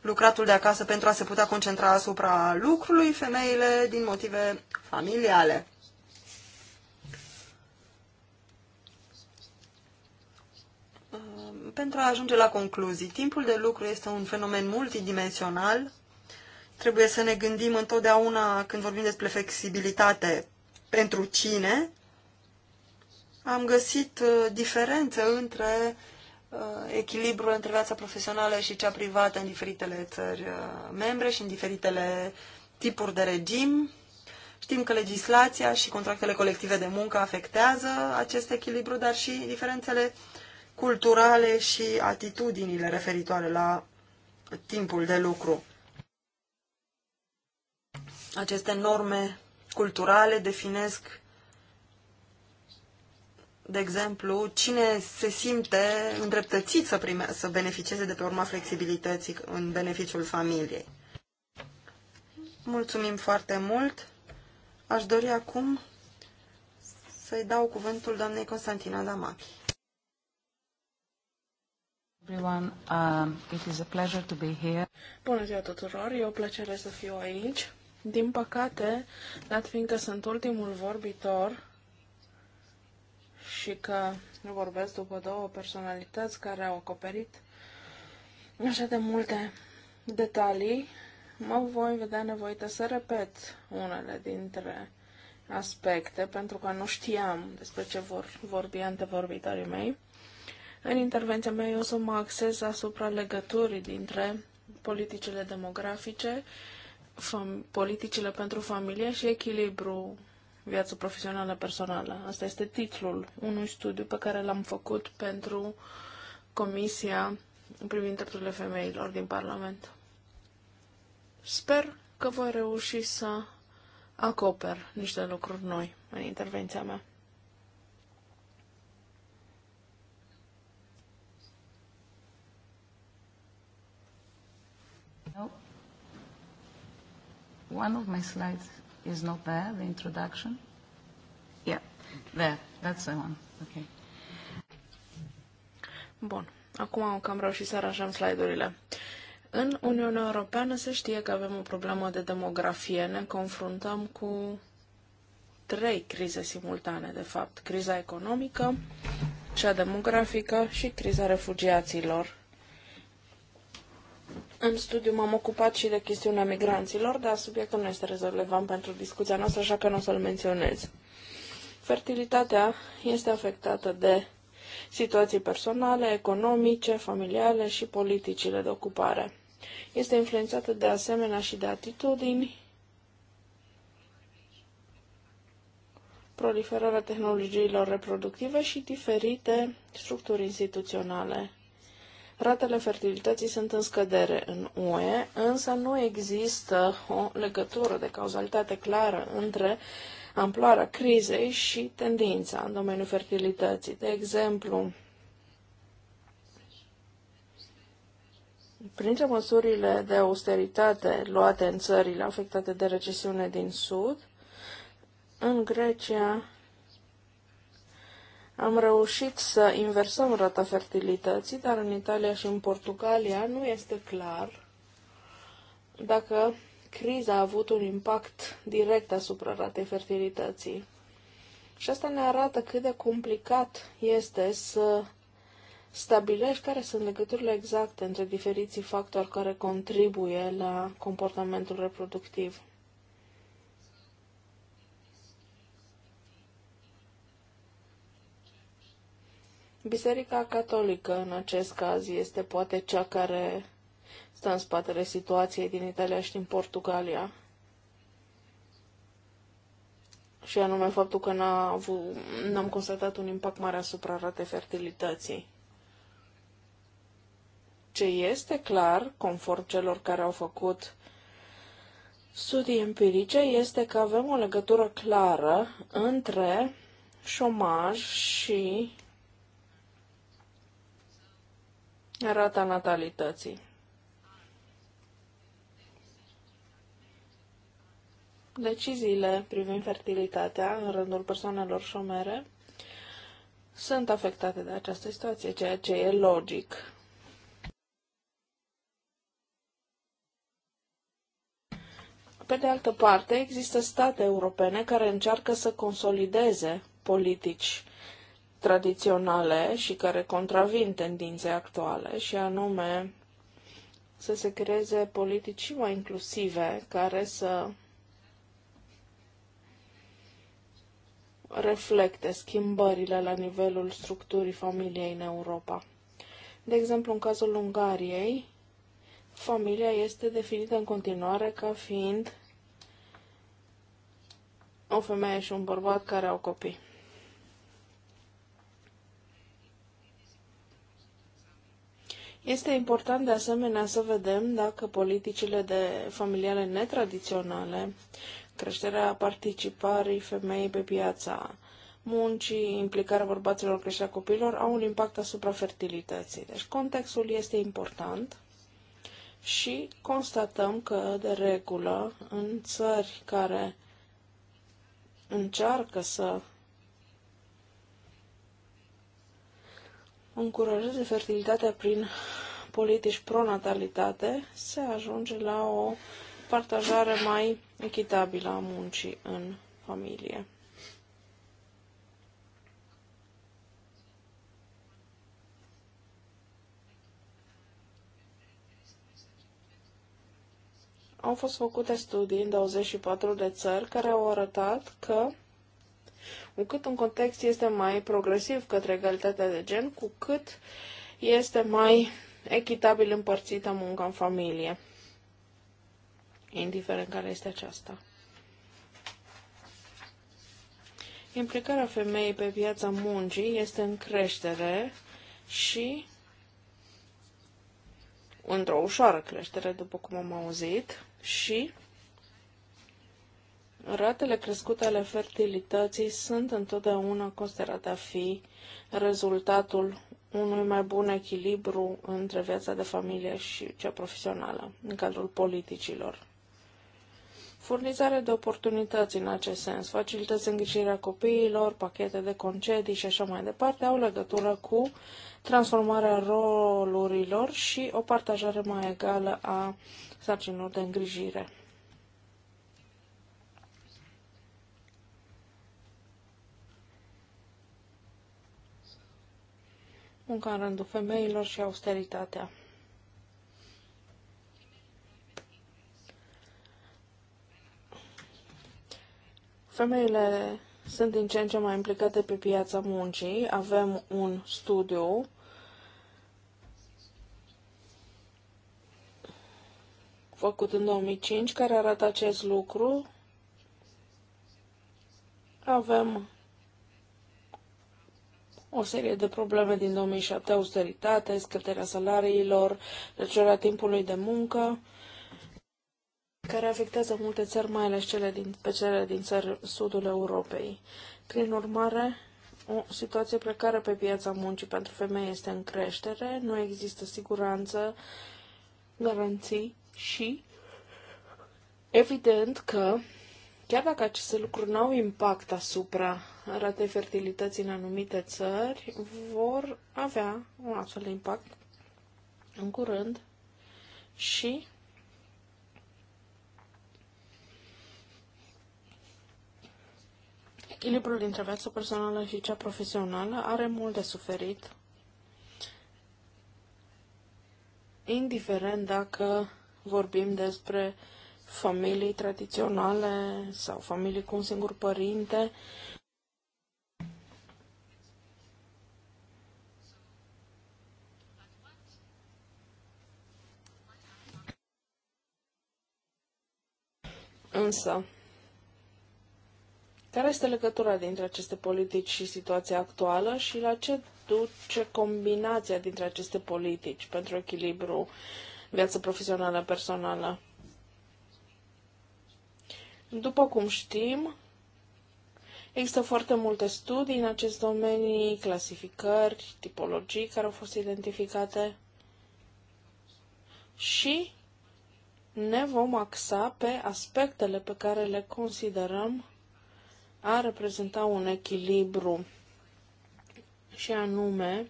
lucratul de acasă pentru a se putea concentra asupra lucrului, femeile din motive familiale. Uh, pentru a ajunge la concluzii, timpul de lucru este un fenomen multidimensional. Trebuie să ne gândim întotdeauna când vorbim despre flexibilitate pentru cine. Am găsit uh, diferențe între Uh, echilibrul între viața profesională și cea privată în diferitele țări uh, membre și în diferitele tipuri de regim. Știm că legislația și contractele colective de muncă afectează acest echilibru, dar și diferențele culturale și atitudinile referitoare la timpul de lucru. Aceste norme culturale definesc de exemplu, cine se simte îndreptățit să, prime, să beneficieze de pe urma flexibilității în beneficiul familiei. Mulțumim foarte mult. Aș dori acum să-i dau cuvântul doamnei Constantina Damachi. Everyone, um, it is a pleasure to be here. Bună ziua tuturor, e o plăcere să fiu aici. Din păcate, dat fiindcă sunt ultimul vorbitor, și că vorbesc după două personalități care au acoperit așa de multe detalii, mă voi vedea nevoită să repet unele dintre aspecte, pentru că nu știam despre ce vor vorbi antevorbitorii mei. În intervenția mea eu o să mă axez asupra legăturii dintre politicile demografice, politicile pentru familie și echilibru viață profesională personală. Asta este titlul unui studiu pe care l-am făcut pentru Comisia privind drepturile femeilor din Parlament. Sper că voi reuși să acoper niște lucruri noi în intervenția mea. One of my slides is not there, the introduction? Yeah, there, that's the one. Okay. Bun. Acum am cam reușit să aranjăm slide-urile. În Uniunea Europeană se știe că avem o problemă de demografie. Ne confruntăm cu trei crize simultane, de fapt. Criza economică, cea demografică și criza refugiaților. În studiu m-am ocupat și de chestiunea migranților, dar subiectul nu este relevant pentru discuția noastră, așa că nu o să-l menționez. Fertilitatea este afectată de situații personale, economice, familiale și politicile de ocupare. Este influențată de asemenea și de atitudini, proliferarea tehnologiilor reproductive și diferite structuri instituționale Ratele fertilității sunt în scădere în UE, însă nu există o legătură de cauzalitate clară între amploarea crizei și tendința în domeniul fertilității. De exemplu, printre măsurile de austeritate luate în țările afectate de recesiune din Sud, în Grecia am reușit să inversăm rata fertilității, dar în Italia și în Portugalia nu este clar dacă criza a avut un impact direct asupra ratei fertilității. Și asta ne arată cât de complicat este să stabilești care sunt legăturile exacte între diferiții factori care contribuie la comportamentul reproductiv. Biserica Catolică, în acest caz, este poate cea care stă în spatele situației din Italia și din Portugalia. Și anume faptul că n-am constatat un impact mare asupra ratei fertilității. Ce este clar, conform celor care au făcut studii empirice, este că avem o legătură clară între șomaj și rata natalității. Deciziile privind fertilitatea în rândul persoanelor șomere sunt afectate de această situație, ceea ce e logic. Pe de altă parte, există state europene care încearcă să consolideze politici tradiționale și care contravin tendinței actuale, și anume să se creeze politici mai inclusive care să reflecte schimbările la nivelul structurii familiei în Europa. De exemplu, în cazul Ungariei, familia este definită în continuare ca fiind o femeie și un bărbat care au copii. Este important de asemenea să vedem dacă politicile de familiale netradiționale, creșterea participării femei pe piața muncii, implicarea bărbaților, creșterea copilor, au un impact asupra fertilității. Deci contextul este important și constatăm că, de regulă, în țări care încearcă să încurajeze fertilitatea prin politici pronatalitate, se ajunge la o partajare mai echitabilă a muncii în familie. Au fost făcute studii în 24 de țări care au arătat că cu cât un context este mai progresiv către egalitatea de gen, cu cât este mai echitabil împărțită munca în familie, indiferent care este aceasta. Implicarea femeii pe piața muncii este în creștere și într-o ușoară creștere, după cum am auzit, și Ratele crescute ale fertilității sunt întotdeauna considerate a fi rezultatul unui mai bun echilibru între viața de familie și cea profesională, în cadrul politicilor. Furnizare de oportunități în acest sens, facilități îngrijirea copiilor, pachete de concedii și așa mai departe, au legătură cu transformarea rolurilor și o partajare mai egală a sarcinilor de îngrijire. munca în rândul femeilor și austeritatea. Femeile sunt din ce în ce mai implicate pe piața muncii. Avem un studiu făcut în 2005 care arată acest lucru. Avem o serie de probleme din 2007, austeritate, scăderea salariilor, reducerea timpului de muncă, care afectează multe țări, mai ales cele din, pe cele din țări sudul Europei. Prin urmare, o situație precară pe piața muncii pentru femei este în creștere, nu există siguranță, garanții și evident că chiar dacă aceste lucruri nu au impact asupra ratei fertilității în anumite țări vor avea un astfel de impact în curând și echilibrul dintre viața personală și cea profesională are mult de suferit, indiferent dacă vorbim despre familii tradiționale sau familii cu un singur părinte Însă, care este legătura dintre aceste politici și situația actuală și la ce duce combinația dintre aceste politici pentru echilibru viață profesională personală? După cum știm, există foarte multe studii în acest domeniu, clasificări, tipologii care au fost identificate și ne vom axa pe aspectele pe care le considerăm a reprezenta un echilibru și anume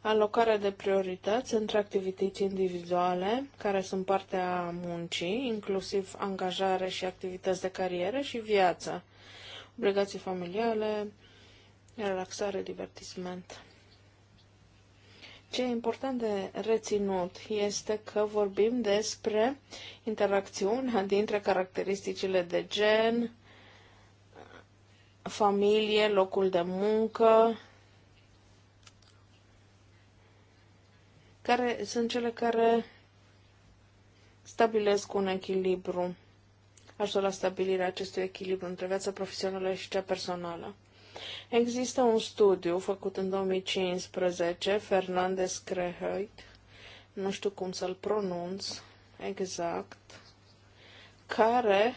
alocarea de priorități între activități individuale, care sunt partea muncii, inclusiv angajare și activități de carieră și viață, obligații familiale, relaxare, divertisment. Ce e important de reținut este că vorbim despre interacțiunea dintre caracteristicile de gen, familie, locul de muncă, care sunt cele care stabilesc un echilibru. Aș la stabilirea acestui echilibru între viața profesională și cea personală. Există un studiu făcut în 2015, Fernandez Crehoit, nu știu cum să-l pronunț exact, care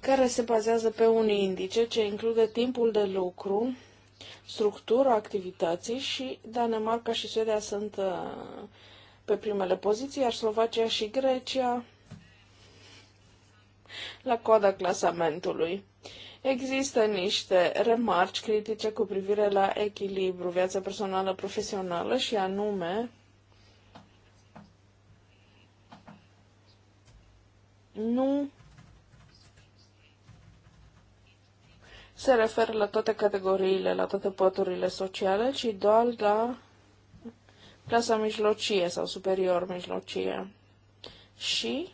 care se bazează pe un indice ce include timpul de lucru, structura activității și Danemarca și Suedia sunt uh, pe primele poziții, iar Slovacia și Grecia la coda clasamentului. Există niște remarci critice cu privire la echilibru viața personală profesională și anume nu se referă la toate categoriile, la toate păturile sociale, ci doar la clasa mijlocie sau superior mijlocie. Și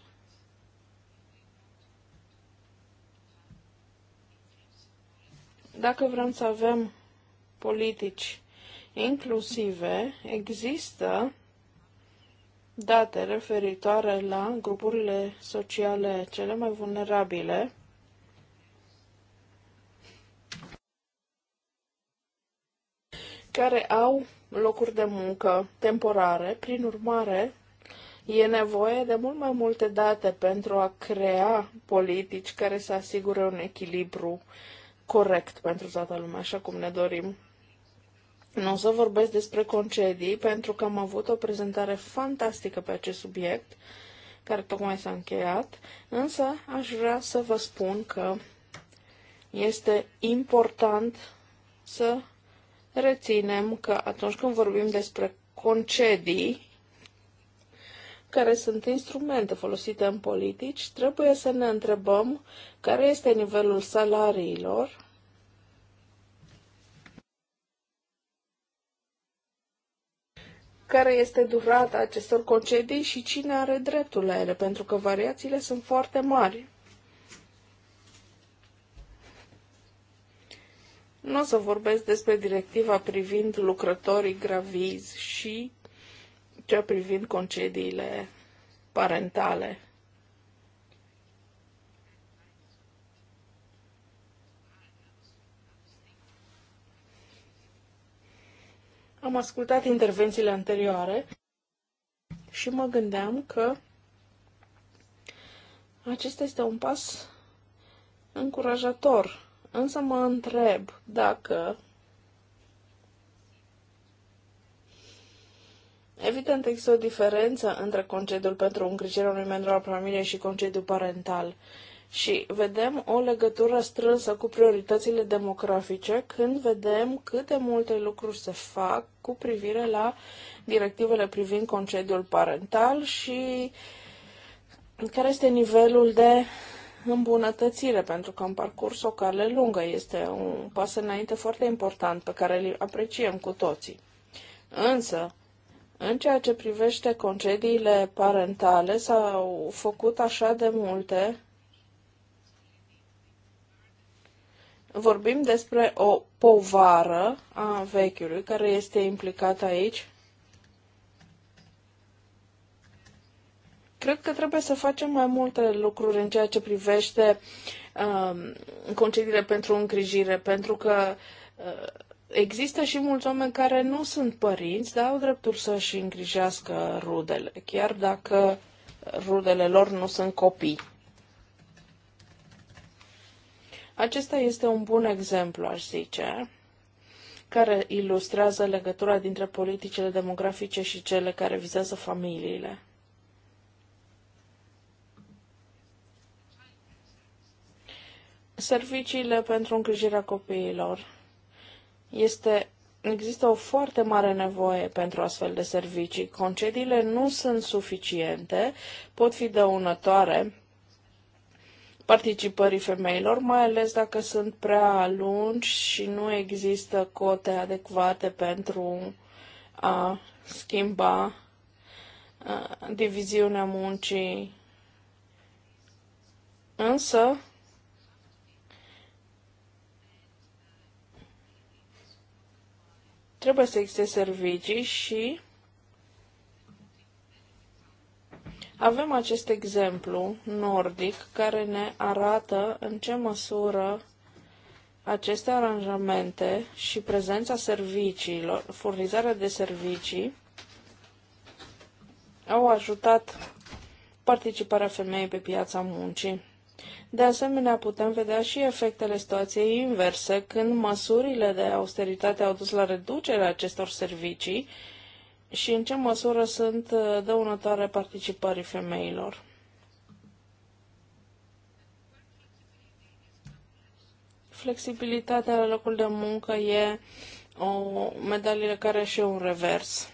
Dacă vrem să avem politici inclusive, există date referitoare la grupurile sociale cele mai vulnerabile, care au locuri de muncă temporare, prin urmare, e nevoie de mult mai multe date pentru a crea politici care să asigure un echilibru uh, corect pentru toată lumea, așa cum ne dorim. Nu o să vorbesc despre concedii, pentru că am avut o prezentare fantastică pe acest subiect, care tocmai s-a încheiat, însă aș vrea să vă spun că este important să reținem că atunci când vorbim despre concedii, care sunt instrumente folosite în politici, trebuie să ne întrebăm care este nivelul salariilor care este durata acestor concedii și cine are dreptul la ele, pentru că variațiile sunt foarte mari. Nu o să vorbesc despre directiva privind lucrătorii gravizi și cea privind concediile parentale. Am ascultat intervențiile anterioare și mă gândeam că acesta este un pas încurajator. Însă mă întreb dacă Evident, există o diferență între concediul pentru îngrijirea unui membru al familiei și concediul parental. Și vedem o legătură strânsă cu prioritățile demografice când vedem câte multe lucruri se fac cu privire la directivele privind concediul parental și care este nivelul de îmbunătățire, pentru că în parcurs o cale lungă. Este un pas înainte foarte important pe care îl apreciem cu toții. Însă, în ceea ce privește concediile parentale, s-au făcut așa de multe. Vorbim despre o povară a vechiului care este implicat aici. Cred că trebuie să facem mai multe lucruri în ceea ce privește uh, concediile pentru îngrijire, pentru că uh, Există și mulți oameni care nu sunt părinți, dar au dreptul să-și îngrijească rudele, chiar dacă rudele lor nu sunt copii. Acesta este un bun exemplu, aș zice, care ilustrează legătura dintre politicile demografice și cele care vizează familiile. Serviciile pentru îngrijirea copiilor. Este, există o foarte mare nevoie pentru astfel de servicii. Concediile nu sunt suficiente, pot fi dăunătoare participării femeilor, mai ales dacă sunt prea lungi și nu există cote adecvate pentru a schimba uh, diviziunea muncii. Însă, Trebuie să existe servicii și avem acest exemplu nordic care ne arată în ce măsură aceste aranjamente și prezența serviciilor, furnizarea de servicii, au ajutat participarea femeii pe piața muncii. De asemenea, putem vedea și efectele situației inverse, când măsurile de austeritate au dus la reducerea acestor servicii și în ce măsură sunt uh, dăunătoare participării femeilor. Flexibilitatea la locul de muncă e o medalie care și un revers,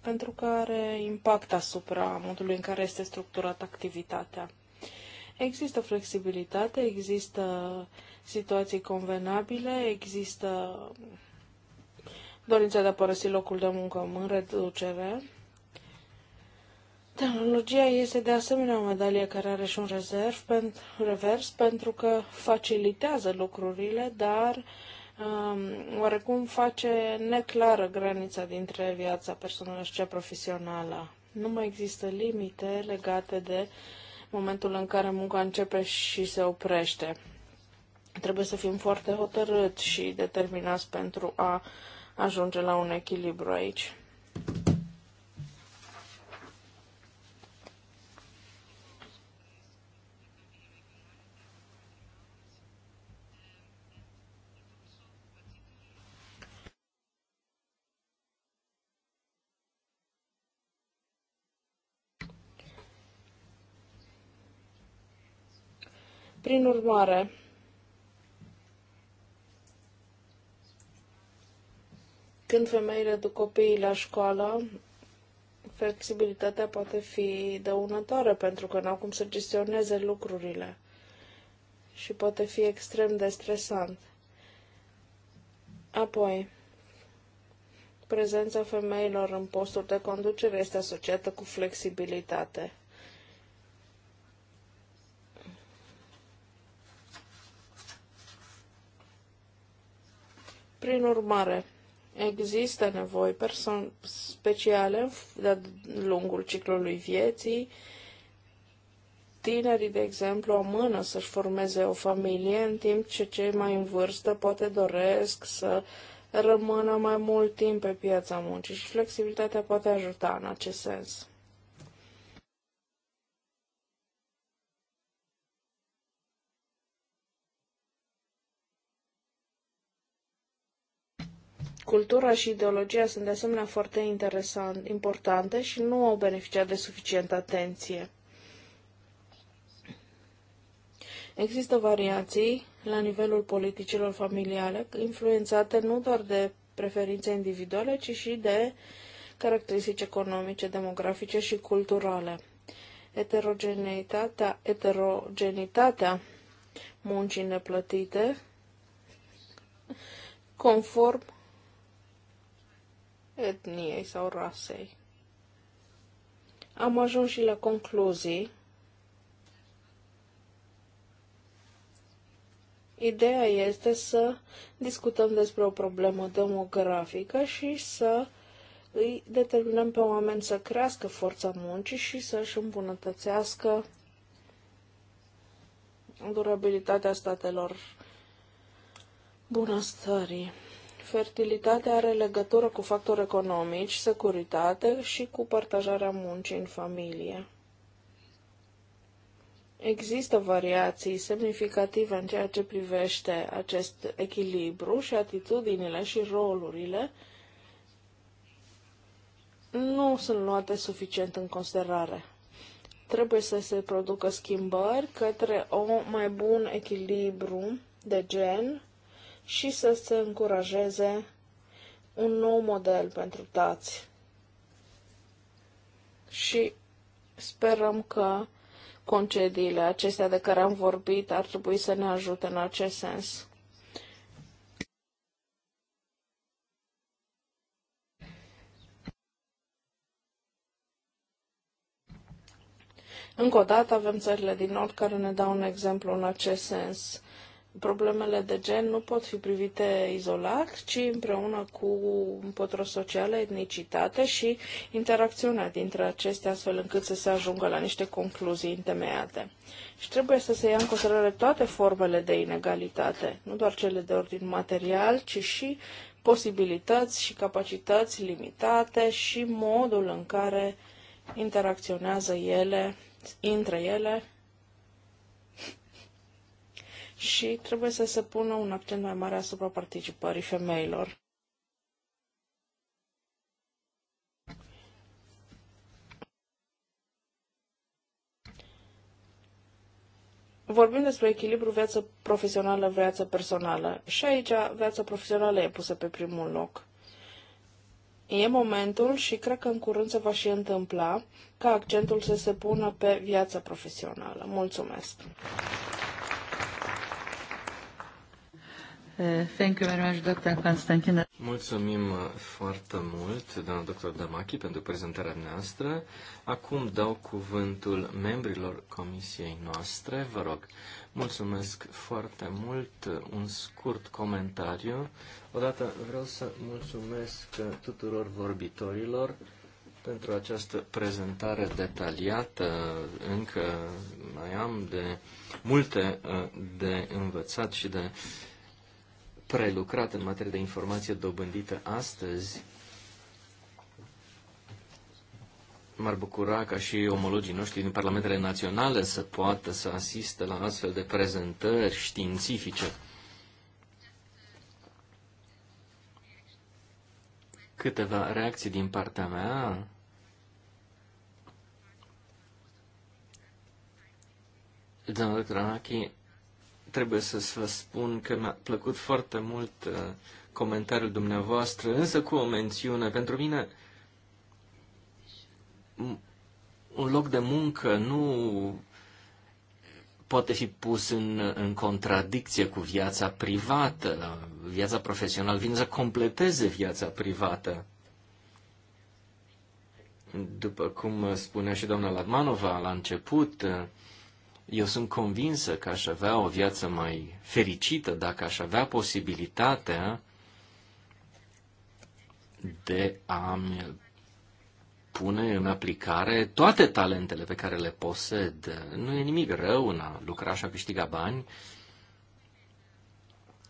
pentru că are impact asupra modului în care este structurată activitatea. Există flexibilitate, există situații convenabile, există dorința de a părăsi locul de muncă în reducere. Tehnologia este de asemenea o medalie care are și un rezerv pentru, revers pentru că facilitează lucrurile, dar um, oarecum face neclară granița dintre viața personală și cea profesională. Nu mai există limite legate de uh, momentul în care munca începe și se oprește. Trebuie să fim foarte hotărâți și determinați pentru a ajunge la un echilibru aici. Prin urmare, când femeile duc copiii la școală, flexibilitatea poate fi dăunătoare pentru că n-au cum să gestioneze lucrurile și poate fi extrem de stresant. Apoi, prezența femeilor în posturi de conducere este asociată cu flexibilitate. Prin urmare, există nevoi person speciale de lungul ciclului vieții. Tinerii, de exemplu, amână să-și formeze o familie, în timp ce cei mai în vârstă poate doresc să rămână mai mult timp pe piața muncii și flexibilitatea poate ajuta în acest sens. Cultura și ideologia sunt de asemenea foarte interesant, importante și nu au beneficiat de suficientă atenție. Există variații la nivelul politicilor familiale, influențate nu doar de preferințe individuale, ci și de caracteristici economice, demografice și culturale. Eterogenitatea, eterogenitatea muncii neplătite, conform etniei sau rasei. Am ajuns și la concluzii. Ideea este să discutăm despre o problemă demografică și să îi determinăm pe oameni să crească forța muncii și să își îmbunătățească durabilitatea statelor bunăstării. Fertilitatea are legătură cu factori economici, securitate și cu partajarea muncii în familie. Există variații semnificative în ceea ce privește acest echilibru și atitudinile și rolurile nu sunt luate suficient în considerare. Trebuie să se producă schimbări către o mai bun echilibru de gen și să se încurajeze un nou model pentru tați. Și sperăm că concediile acestea de care am vorbit ar trebui să ne ajute în acest sens. Încă o dată avem țările din Nord care ne dau un exemplu în acest sens problemele de gen nu pot fi privite izolat, ci împreună cu împotră socială, etnicitate și interacțiunea dintre acestea, astfel încât să se ajungă la niște concluzii întemeiate. Și trebuie să se ia în considerare toate formele de inegalitate, nu doar cele de ordin material, ci și posibilități și capacități limitate și modul în care interacționează ele, între ele și trebuie să se pună un accent mai mare asupra participării femeilor. Vorbim despre echilibru viață profesională, viață personală și aici viața profesională e pusă pe primul loc. E momentul și cred că în curând se va și întâmpla ca accentul să se pună pe viața profesională. Mulțumesc! Uh, thank you very much, Dr. Mulțumim uh, foarte mult, doamna dr. Damachi, pentru prezentarea noastră. Acum dau cuvântul membrilor comisiei noastre. Vă rog, mulțumesc foarte mult. Uh, un scurt comentariu. Odată vreau să mulțumesc tuturor vorbitorilor pentru această prezentare detaliată. Încă mai am de multe de învățat și de uh, prelucrat în materie de informație dobândită astăzi. M-ar bucura ca și omologii noștri din parlamentele naționale să poată să asiste la astfel de prezentări științifice. Câteva reacții din partea mea. Domnul Dr trebuie să vă spun că mi-a plăcut foarte mult uh, comentariul dumneavoastră, însă cu o mențiune. Pentru mine, un loc de muncă nu poate fi pus în, în contradicție cu viața privată. Viața profesională vine să completeze viața privată. După cum spunea și doamna Ladmanova la început, eu sunt convinsă că aș avea o viață mai fericită dacă aș avea posibilitatea de a-mi pune în aplicare toate talentele pe care le posed. Nu e nimic rău în a lucra și a câștiga bani.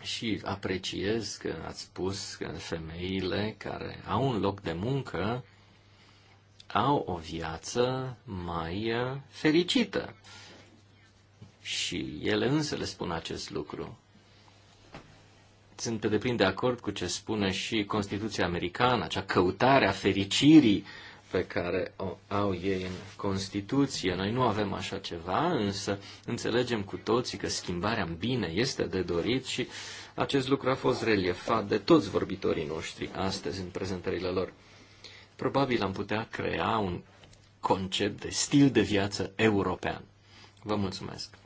Și apreciez că ați spus că femeile care au un loc de muncă au o viață mai fericită și ele însă le spun acest lucru. Sunt pe deplin de acord cu ce spune și Constituția Americană, acea căutare a fericirii pe care o au ei în Constituție. Noi nu avem așa ceva, însă înțelegem cu toții că schimbarea în bine este de dorit și acest lucru a fost reliefat de toți vorbitorii noștri astăzi în prezentările lor. Probabil am putea crea un concept de stil de viață european. Vă mulțumesc!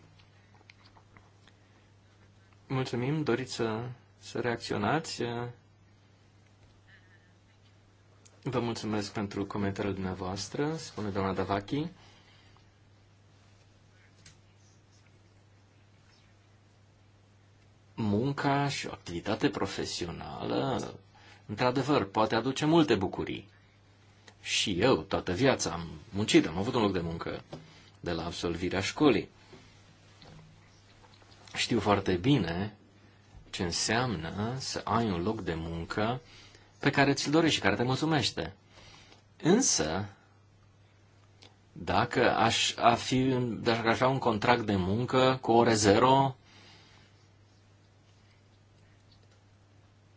Mulțumim, doriți să, să reacționați? Vă mulțumesc pentru comentariul dumneavoastră, spune doamna Davachi. Munca și o activitate profesională, într-adevăr, poate aduce multe bucurii. Și eu, toată viața, am muncit, am avut un loc de muncă de la absolvirea școlii știu foarte bine ce înseamnă să ai un loc de muncă pe care ți-l dorești și care te mulțumește. Însă, dacă aș, a fi, dacă aș avea un contract de muncă cu ore zero,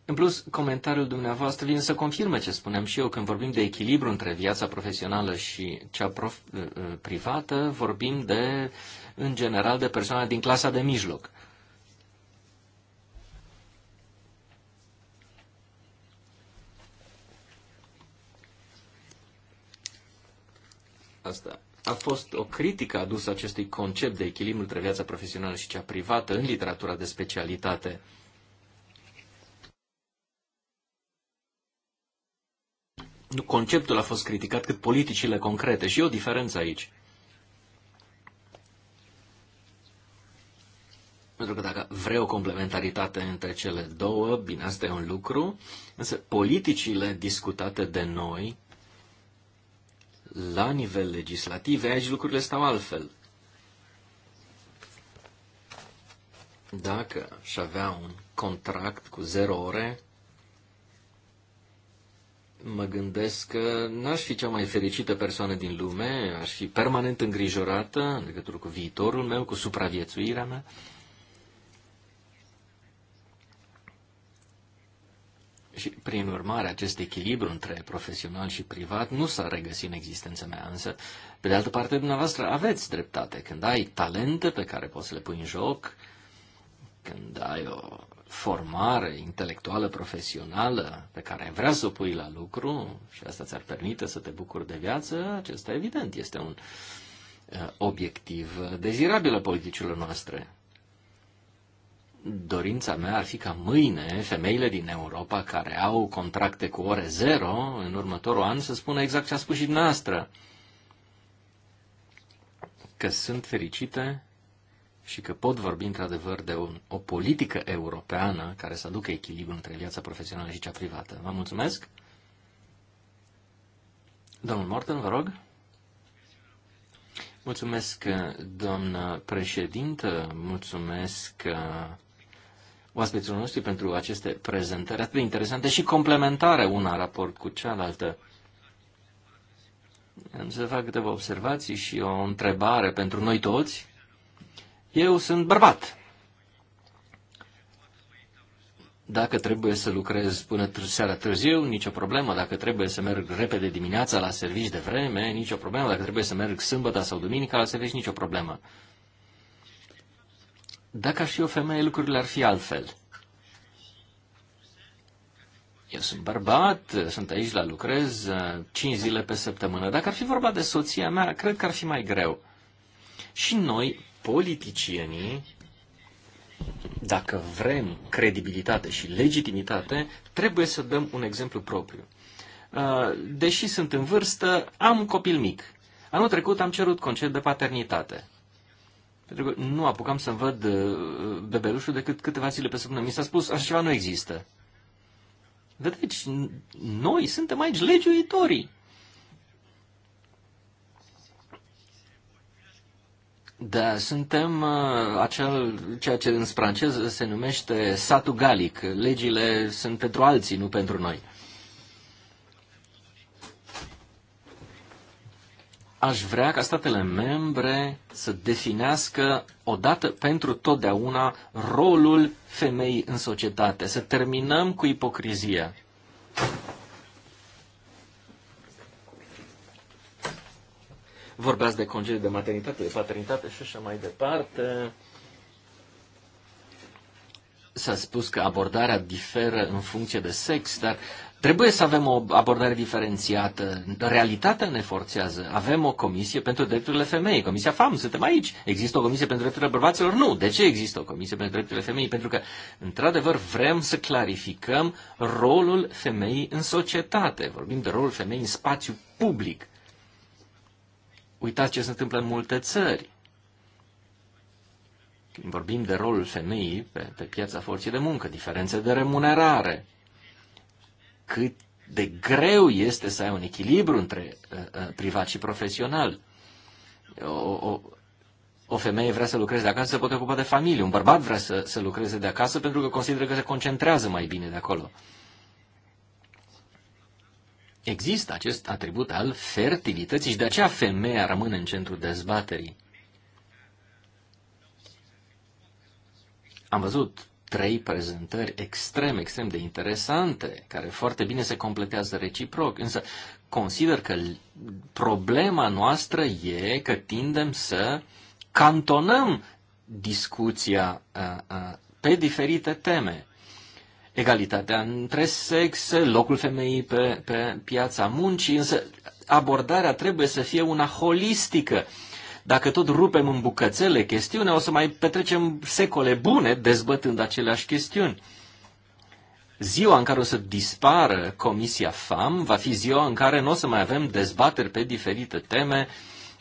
În plus, comentariul dumneavoastră vine să confirme ce spuneam și eu. Când vorbim de echilibru între viața profesională și cea prof- uh, uh, privată, vorbim de în general, de persoane din clasa de mijloc. Asta a fost o critică adusă acestui concept de echilibru între viața profesională și cea privată în literatura de specialitate. conceptul a fost criticat, cât politicile concrete. Și e o diferență aici. Pentru că dacă vreau o complementaritate între cele două, bine, asta e un lucru, însă politicile discutate de noi la nivel legislativ, aici lucrurile stau altfel. Dacă aș avea un contract cu zero ore, mă gândesc că n-aș fi cea mai fericită persoană din lume, aș fi permanent îngrijorată în legătură cu viitorul meu, cu supraviețuirea mea. Și, prin urmare, acest echilibru între profesional și privat nu s-a regăsit în existența mea, însă, pe de altă parte, dumneavoastră aveți dreptate. Când ai talente pe care poți să le pui în joc, când ai o formare intelectuală, profesională, pe care vrea să o pui la lucru și asta ți-ar permite să te bucuri de viață, acesta, evident, este un uh, obiectiv dezirabil al politicilor noastre dorința mea ar fi ca mâine femeile din Europa care au contracte cu ore zero în următorul an să spună exact ce a spus și dumneavoastră. Că sunt fericite și că pot vorbi într-adevăr de o, o politică europeană care să aducă echilibru între viața profesională și cea privată. Vă mulțumesc. Domnul Morton, vă rog. Mulțumesc, doamnă președintă, mulțumesc oaspeților noștri pentru aceste prezentări atât de interesante și complementare una raport cu cealaltă. Am să fac câteva observații și o întrebare pentru noi toți. Eu sunt bărbat. Dacă trebuie să lucrez până seara târziu, nicio problemă. Dacă trebuie să merg repede dimineața la servici de vreme, nicio problemă. Dacă trebuie să merg sâmbătă sau duminica la servici, nicio problemă. Dacă aș fi o femeie, lucrurile ar fi altfel. Eu sunt bărbat, sunt aici la lucrez cinci zile pe săptămână. Dacă ar fi vorba de soția mea, cred că ar fi mai greu. Și noi, politicienii, dacă vrem credibilitate și legitimitate, trebuie să dăm un exemplu propriu. Uh, deși sunt în vârstă, am un copil mic. Anul trecut am cerut concediu de paternitate pentru că nu apucam să văd uh, bebelușul decât câteva zile pe săptămână. Mi s-a spus, așa ceva nu există. Vedeți, noi suntem aici legiuitorii. Da, suntem uh, acel, ceea ce în franceză se numește satul galic. Legile sunt pentru alții, nu pentru noi. aș vrea ca statele membre să definească odată pentru totdeauna rolul femeii în societate, să terminăm cu ipocrizia. Vorbeați de concediu de maternitate, de paternitate și așa mai departe. S-a spus că abordarea diferă în funcție de sex, dar Trebuie să avem o abordare diferențiată. Realitatea ne forțează. Avem o comisie pentru drepturile femeii, Comisia FAM, suntem aici. Există o comisie pentru drepturile bărbaților? Nu. De ce există o comisie pentru drepturile femeii? Pentru că, într-adevăr, vrem să clarificăm rolul femeii în societate. Vorbim de rolul femeii în spațiu public. Uitați ce se întâmplă în multe țări. Vorbim de rolul femeii pe, pe piața forței de muncă, diferențe de remunerare, cât de greu este să ai un echilibru între uh, uh, privat și profesional. O, o, o femeie vrea să lucreze de acasă să poate ocupa de familie, un bărbat vrea să, să lucreze de acasă pentru că consideră că se concentrează mai bine de acolo. Există acest atribut al fertilității și de aceea femeia rămâne în centrul dezbaterii. Am văzut trei prezentări extrem, extrem de interesante, care foarte bine se completează reciproc, însă consider că problema noastră e că tindem să cantonăm discuția pe diferite teme. Egalitatea între sexe, locul femeii pe, pe piața muncii, însă abordarea trebuie să fie una holistică dacă tot rupem în bucățele chestiunea, o să mai petrecem secole bune dezbătând aceleași chestiuni. Ziua în care o să dispară Comisia FAM va fi ziua în care nu o să mai avem dezbateri pe diferite teme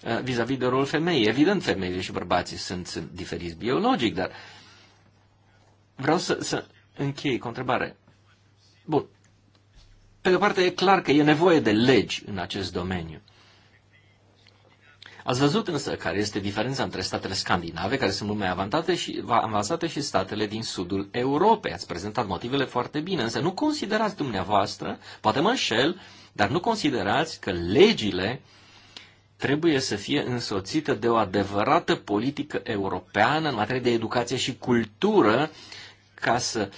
uh, vis-a-vis -vis de rolul femeii. Evident, femeile și bărbații sunt, sunt diferiți biologic, dar vreau să, să închei cu o întrebare. Bun. Pe de o parte, e clar că e nevoie de legi în acest domeniu. Ați văzut însă care este diferența între statele scandinave, care sunt mult mai avantate și, avansate, și statele din sudul Europei. Ați prezentat motivele foarte bine, însă nu considerați dumneavoastră, poate mă înșel, dar nu considerați că legile trebuie să fie însoțită de o adevărată politică europeană în materie de educație și cultură ca să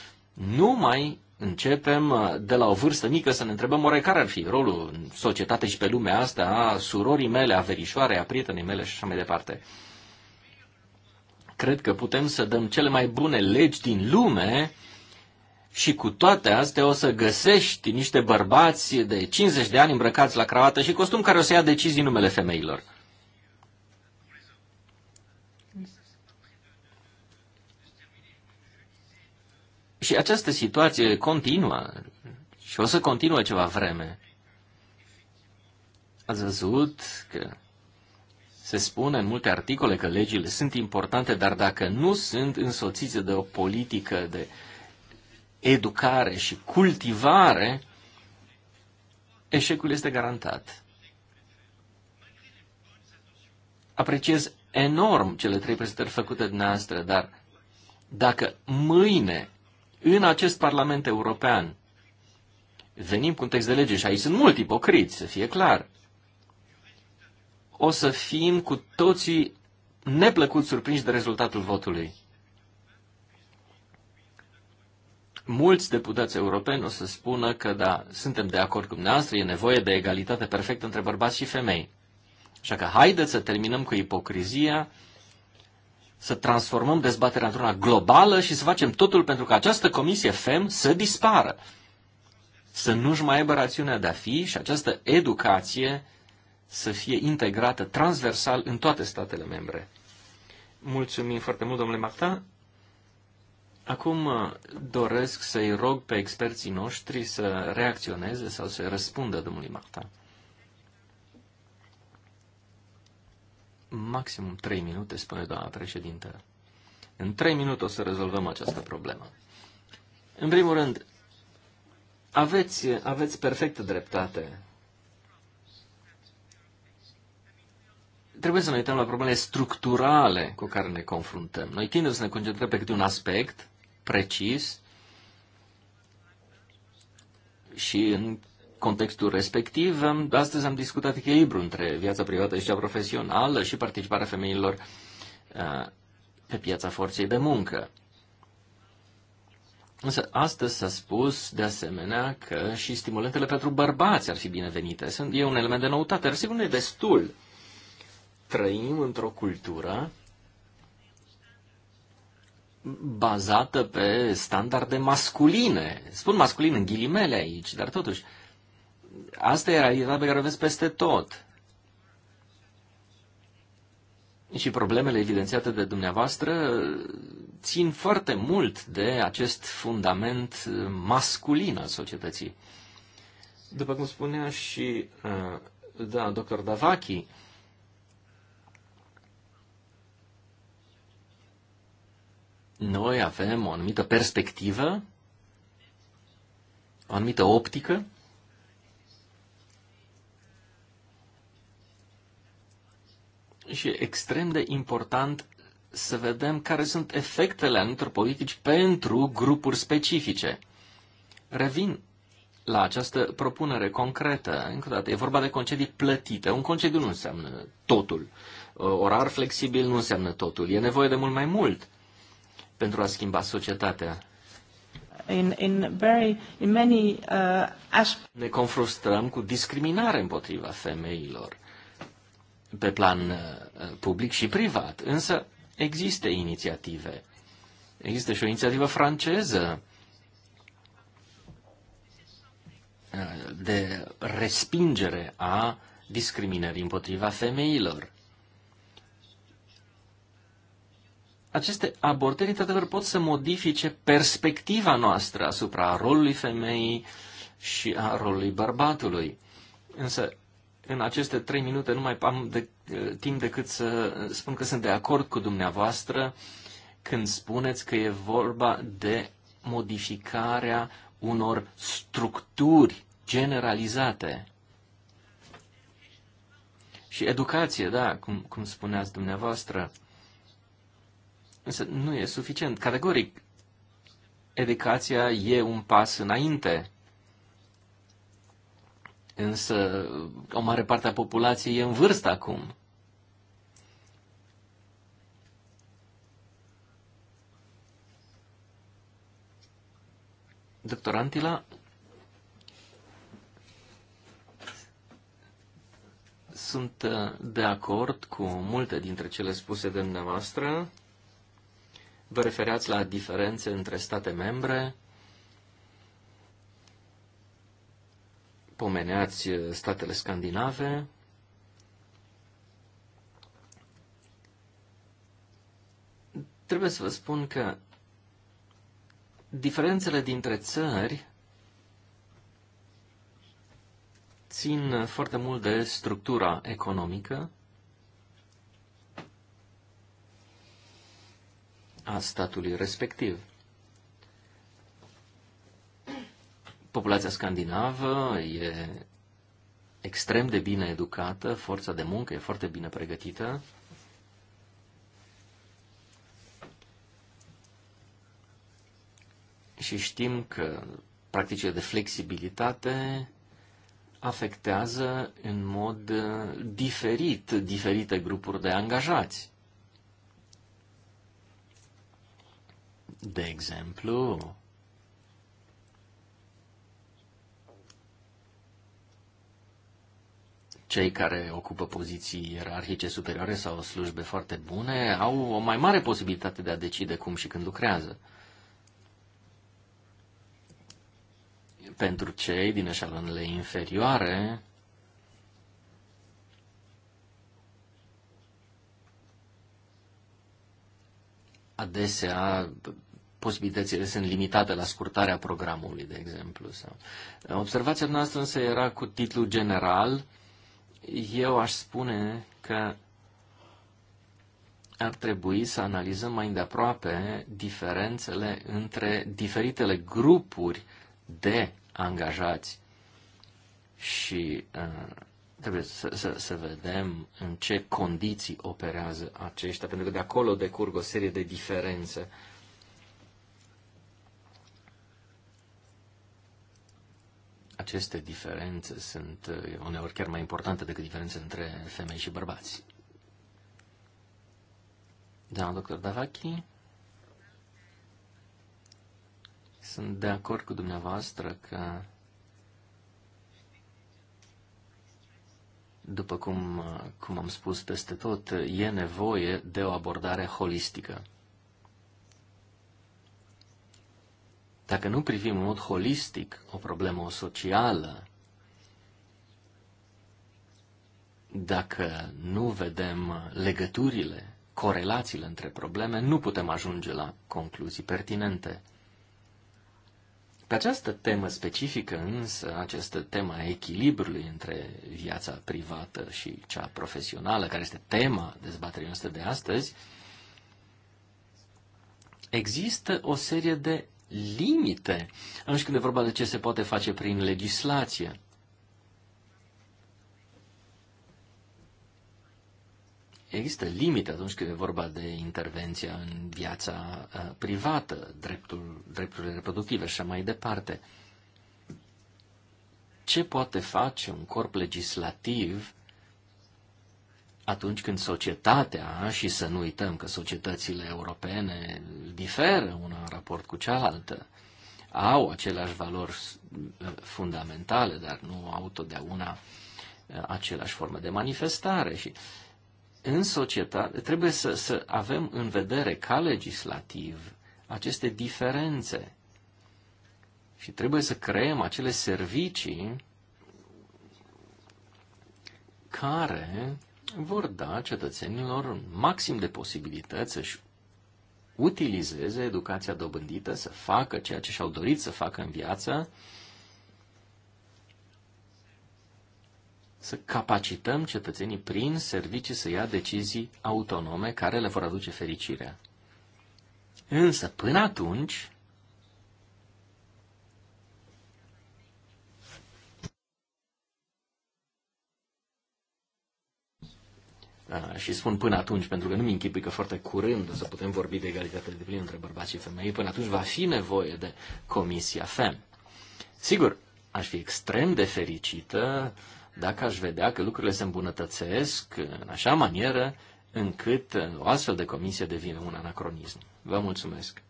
nu mai începem uh, de la o vârstă mică să ne întrebăm oare care ar fi rolul în societate și pe lumea asta a surorii mele, a verișoarei, a prietenii mele și așa mai departe. Cred că putem să dăm cele mai bune legi din lume și cu toate astea o să găsești niște bărbați de 50 de ani îmbrăcați la cravată și costum care o să ia decizii numele femeilor. Și această situație continuă și o să continuă ceva vreme. Ați văzut că se spune în multe articole că legile sunt importante, dar dacă nu sunt însoțite de o politică de educare și cultivare, eșecul este garantat. Apreciez enorm cele trei prezentări făcute de noastră, dar dacă mâine în acest Parlament European venim cu un text de lege și aici sunt mulți ipocriți, să fie clar. O să fim cu toții neplăcut surprinși de rezultatul votului. Mulți deputați europeni o să spună că da, suntem de acord cu dumneavoastră, e nevoie de egalitate perfectă între bărbați și femei. Așa că haideți să terminăm cu ipocrizia să transformăm dezbaterea într-una globală și să facem totul pentru că această comisie FEM să dispară, să nu-și mai aibă rațiunea de a fi și această educație să fie integrată transversal în toate statele membre. Mulțumim foarte mult, domnule Marta. Acum uh, doresc să-i rog pe experții noștri să reacționeze sau să răspundă domnului Marta. Maximum 3 minute, spune doamna președintă. În 3 minute o să rezolvăm această problemă. În primul rând, aveți, aveți perfectă dreptate. Trebuie să ne uităm la problemele structurale cu care ne confruntăm. Noi tindem să ne concentrăm pe câte un aspect precis și în contextul respectiv. Astăzi am discutat echilibru între viața privată și cea profesională și participarea femeilor uh, pe piața forței de muncă. Însă astăzi s-a spus de asemenea că și stimulentele pentru bărbați ar fi binevenite. Sunt, e un element de noutate, dar sigur nu e destul. Trăim într-o cultură bazată pe standarde masculine. Spun masculin în ghilimele aici, dar totuși Asta e realitatea pe care o aveți peste tot. Și problemele evidențiate de dumneavoastră țin foarte mult de acest fundament masculin al societății. După cum spunea și uh, da, dr. Davachi, noi avem o anumită perspectivă, o anumită optică, și extrem de important să vedem care sunt efectele anumitor politici pentru grupuri specifice. Revin la această propunere concretă. Încă o dată, e vorba de concedii plătite. Un concediu nu înseamnă totul. Orar flexibil nu înseamnă totul. E nevoie de mult mai mult pentru a schimba societatea. In, in very, in many, uh, ne confruntăm cu discriminare împotriva femeilor pe plan uh, public și privat. Însă există inițiative. Există și o inițiativă franceză uh, de respingere a discriminării împotriva femeilor. Aceste abordări, într-adevăr, pot să modifice perspectiva noastră asupra rolului femeii și a rolului bărbatului. Însă, în aceste trei minute nu mai am de, eh, timp decât să spun că sunt de acord cu dumneavoastră când spuneți că e vorba de modificarea unor structuri generalizate. Și educație, da, cum, cum spuneați dumneavoastră. Însă nu e suficient. Categoric, educația e un pas înainte Însă o mare parte a populației e în vârstă acum. Doctor Antila sunt uh, de acord cu multe dintre cele spuse de dumneavoastră. Vă referați la diferențe între state membre, pomeneați eh, statele scandinave. Trebuie să vă spun că diferențele dintre țări țin foarte mult de structura economică a statului respectiv. Populația scandinavă e extrem de bine educată, forța de muncă e foarte bine pregătită. Și știm că practicile de flexibilitate afectează în mod diferit diferite grupuri de angajați. De exemplu, cei care ocupă poziții ierarhice superioare sau slujbe foarte bune au o mai mare posibilitate de a decide cum și când lucrează. Pentru cei din eșalonele inferioare, adesea posibilitățile sunt limitate la scurtarea programului, de exemplu. Observația noastră însă era cu titlu general eu aș spune că ar trebui să analizăm mai îndeaproape diferențele între diferitele grupuri de angajați și uh, trebuie să, să, să vedem în ce condiții operează aceștia, pentru că de acolo decurg o serie de diferențe. aceste diferențe sunt eh, uneori chiar mai importante decât diferențe între femei și bărbați. Doamna doctor Davachi, sunt de acord cu dumneavoastră că după cum, eh, cum am spus peste tot, eh, e nevoie de o abordare holistică. Dacă nu privim în mod holistic o problemă socială, dacă nu vedem legăturile, corelațiile între probleme, nu putem ajunge la concluzii pertinente. Pe această temă specifică, însă, această temă a echilibrului între viața privată și cea profesională, care este tema dezbaterii noastre de astăzi, există o serie de limite atunci când e vorba de ce se poate face prin legislație. Există limite atunci când e vorba de intervenția în viața uh, privată, dreptul, drepturile reproductive și așa mai departe. Ce poate face un corp legislativ atunci când societatea, și să nu uităm că societățile europene diferă una în raport cu cealaltă, au aceleași valori uh, fundamentale, dar nu au totdeauna uh, aceleași formă de manifestare. Și în societate trebuie să, să avem în vedere ca legislativ aceste diferențe și trebuie să creăm acele servicii care vor da cetățenilor maxim de posibilități să-și utilizeze educația dobândită, să facă ceea ce și-au dorit să facă în viață, să capacităm cetățenii prin servicii să ia decizii autonome care le vor aduce fericirea. Însă, până atunci, Uh, și spun până atunci, pentru că nu-mi închipui că foarte curând o să putem vorbi de egalitate de plin între bărbați și femei, până atunci va fi nevoie de Comisia FEM. Sigur, aș fi extrem de fericită dacă aș vedea că lucrurile se îmbunătățesc în așa manieră încât o astfel de comisie devine un anacronism. Vă mulțumesc!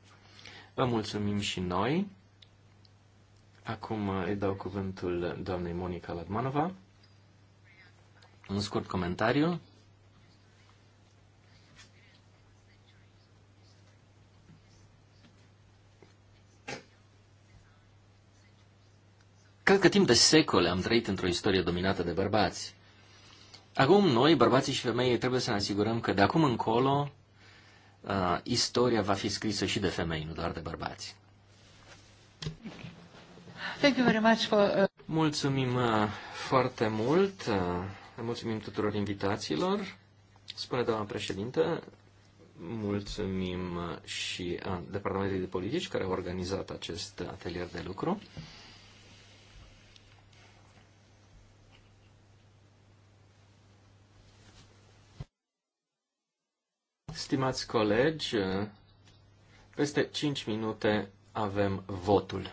Vă mulțumim și noi. Acum uh, îi dau cuvântul doamnei Monica Ladmanova. Un scurt comentariu Cred că timp de secole am trăit într-o istorie dominată de bărbați. Acum noi, bărbații și femei trebuie să ne asigurăm că de acum încolo uh, istoria va fi scrisă și de femei, nu doar de bărbați. Thank you very much for, uh, Mulțumim uh, foarte mult. Uh, mulțumim tuturor invitațiilor. Spune doamna președintă, mulțumim uh, și uh, Departamentului de Politici care a organizat acest atelier de lucru. Stimați colegi, peste 5 minute avem votul.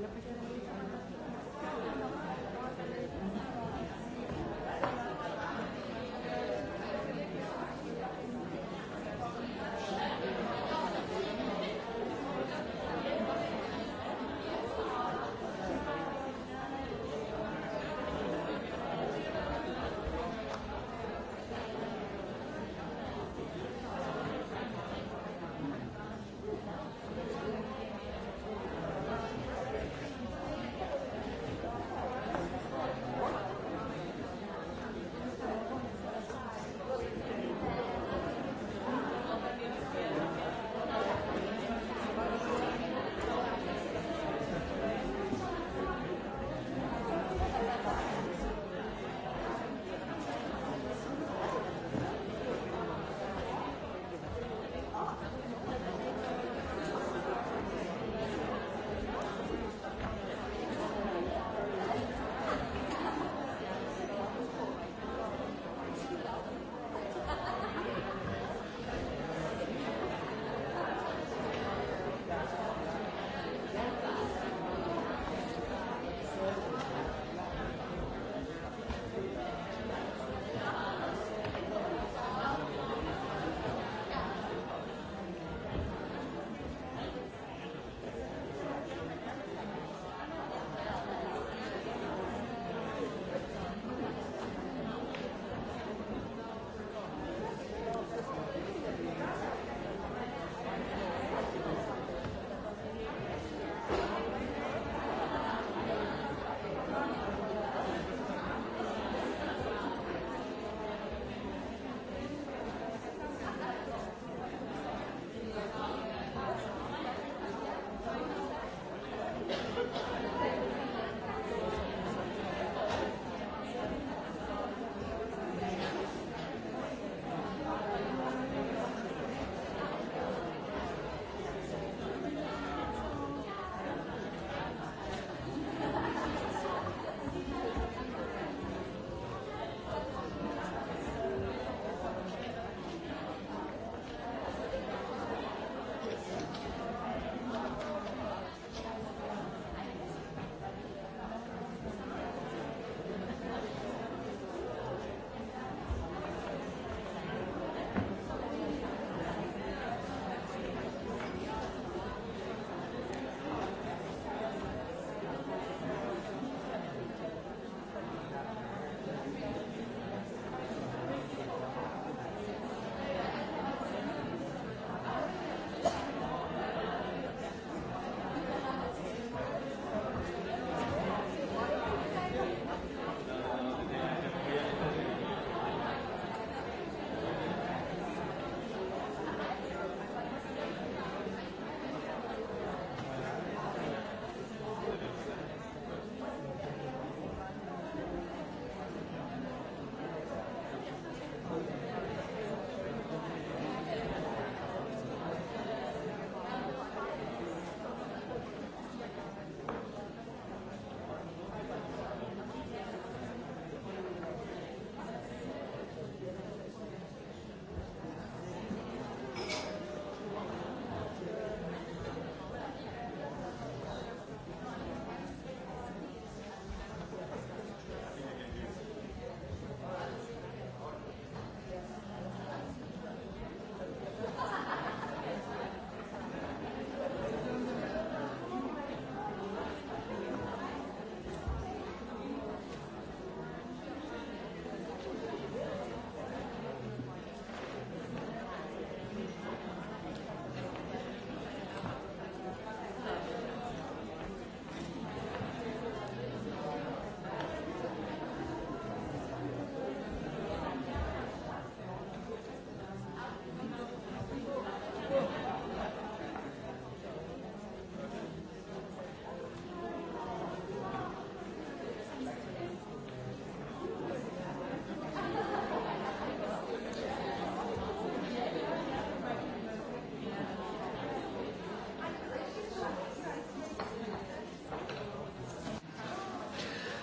La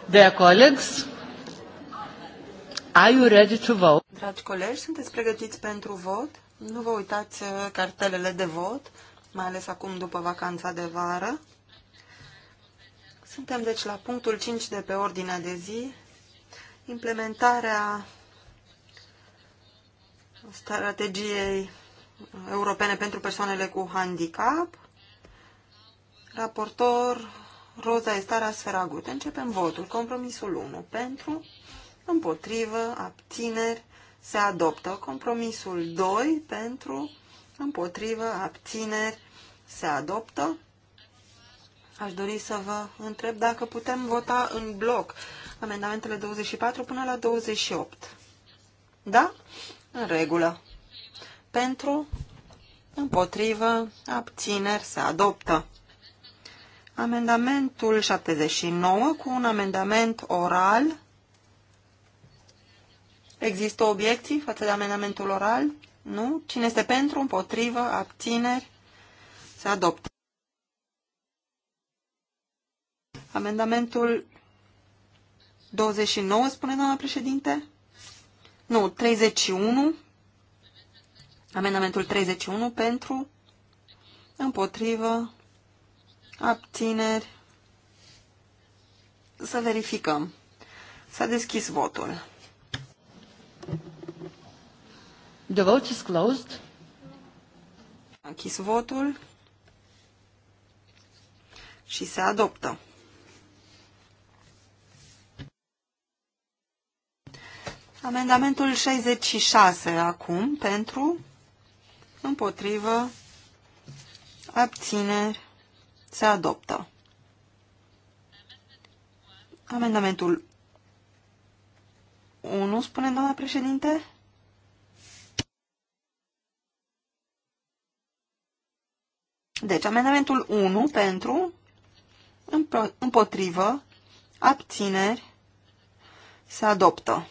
Dear colleagues, are you ready to vote? Dragi colegi, sunteți pregătiți pentru vot? Nu vă uitați uh, cartelele de vot, mai ales acum după vacanța de vară. Suntem deci la punctul 5 de pe ordinea de zi, implementarea strategiei europene pentru persoanele cu handicap. Raportor Roza Estara sferagută. Începem votul. Compromisul 1. Pentru, împotrivă, abțineri, se adoptă. Compromisul 2. Pentru, împotrivă, abțineri, se adoptă. Aș dori să vă întreb dacă putem vota în bloc amendamentele 24 până la 28. Da? În regulă. Pentru, împotrivă, abțineri, se adoptă. Amendamentul 79 cu un amendament oral. Există obiecții față de amendamentul oral? Nu? Cine este pentru, împotrivă, abțineri? Se adoptă. Amendamentul 29, spune doamna președinte? Nu, 31. Amendamentul 31 pentru, împotrivă, abțineri. Să verificăm. S-a deschis votul. The vote is closed. A închis votul și se adoptă. Amendamentul 66 acum pentru, împotrivă, abțineri, se adoptă. Amendamentul 1, spune doamna președinte? Deci, amendamentul 1 pentru, împotrivă, abțineri, se adoptă.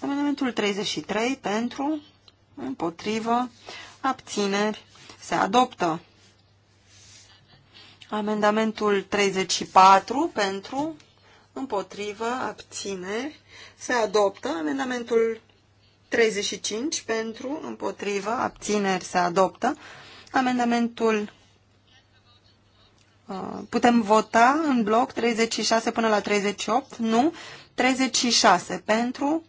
Amendamentul 33 pentru, împotrivă, abțineri, se adoptă. Amendamentul 34 pentru, împotrivă, abțineri, se adoptă. Amendamentul 35 pentru, împotrivă, abțineri, se adoptă. Amendamentul uh, Putem vota în bloc 36 până la 38? Nu. 36 pentru,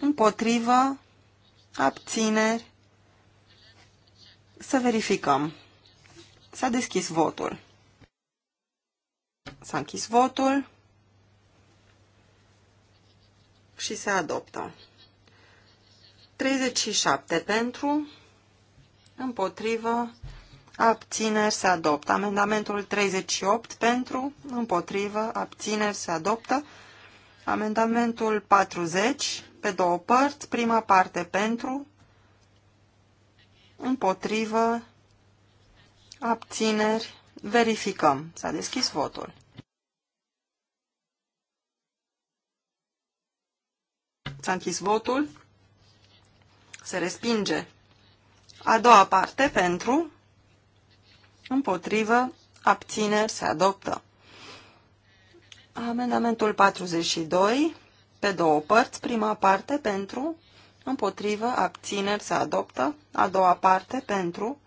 împotrivă, abțineri, să verificăm. S-a deschis votul. S-a închis votul și se adoptă. 37 pentru, împotrivă, abțineri se adoptă. Amendamentul 38 pentru, împotrivă, abțineri se adoptă. Amendamentul 40 pe două părți, prima parte pentru, împotrivă, abțineri, verificăm. S-a deschis votul. S-a închis votul. Se respinge. A doua parte pentru, împotrivă, abțineri, se adoptă. Amendamentul 42, pe două părți, prima parte pentru, împotrivă, abțineri, se adoptă. A doua parte, pentru,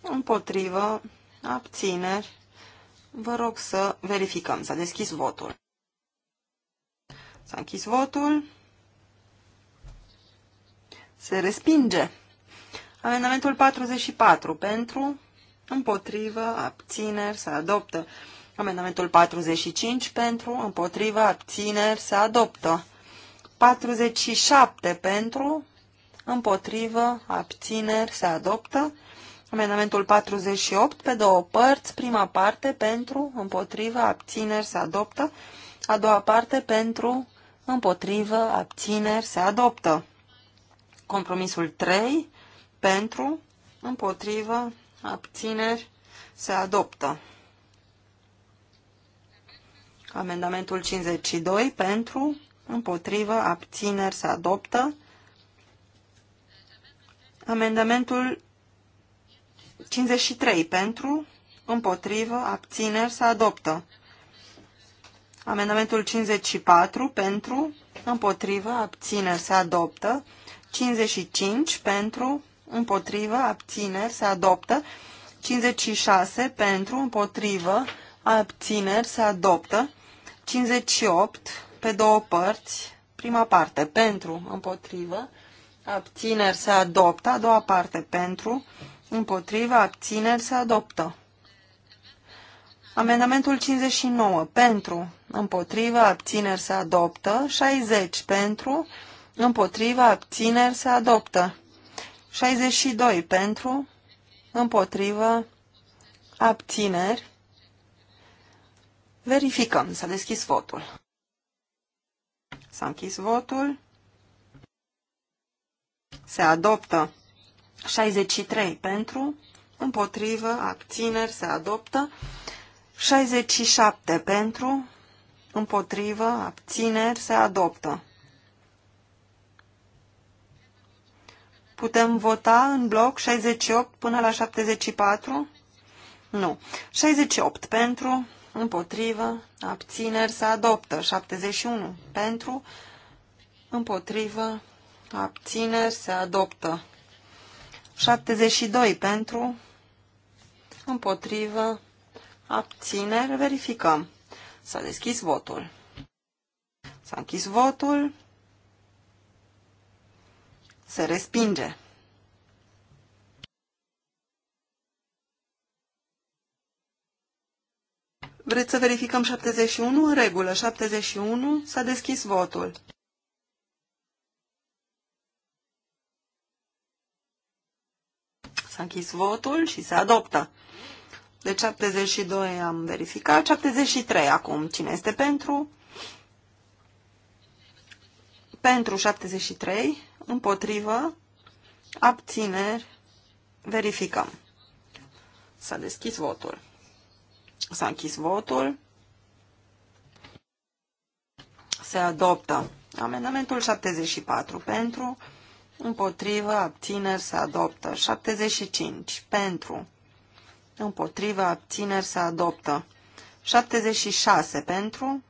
împotrivă, abțineri. Vă rog să verificăm. S-a deschis votul. S-a închis votul. Se respinge. Amendamentul 44 pentru, împotrivă, abțineri, se adoptă. Amendamentul 45 pentru, împotrivă, abțineri, se adoptă. 47 pentru, împotrivă, abțineri, se adoptă. Amendamentul 48 pe două părți, prima parte pentru, împotrivă, abțineri, se adoptă. A doua parte pentru, împotrivă, abțineri, se adoptă. Compromisul 3 pentru, împotrivă, abțineri, se adoptă. Amendamentul 52 pentru, împotrivă, abțineri se adoptă. Amendamentul 53 pentru, împotrivă, abțineri se adoptă. Amendamentul 54 pentru, împotrivă, abțineri se adoptă. 55 pentru, împotrivă, abțineri se adoptă. 56 pentru, împotrivă, abțineri se adoptă. 58 pe două părți. Prima parte pentru, împotrivă, abțineri se adoptă. A doua parte pentru, împotrivă, abțineri se adoptă. Amendamentul 59 pentru, împotrivă, abțineri se adoptă. 60 pentru, împotrivă, abțineri se adoptă. 62 pentru, împotrivă, abțineri. Verificăm. S-a deschis votul. S-a închis votul. Se adoptă 63 pentru, împotrivă, abțineri, se adoptă 67 pentru, împotrivă, abțineri, se adoptă. Putem vota în bloc 68 până la 74? Nu. 68 pentru, împotrivă, abțineri se adoptă. 71 pentru, împotrivă, abțineri se adoptă. 72 pentru, împotrivă, abțineri, verificăm. S-a deschis votul. S-a închis votul. Se respinge. Vreți să verificăm 71? În regulă, 71 s-a deschis votul. S-a închis votul și se adoptă. De deci 72 am verificat, 73 acum. Cine este pentru? Pentru 73, împotrivă, abțineri, verificăm. S-a deschis votul. S-a închis votul. Se adoptă amendamentul 74 pentru, împotrivă, abțineri, se adoptă. 75 pentru, împotrivă, abțineri, se adoptă. 76 pentru,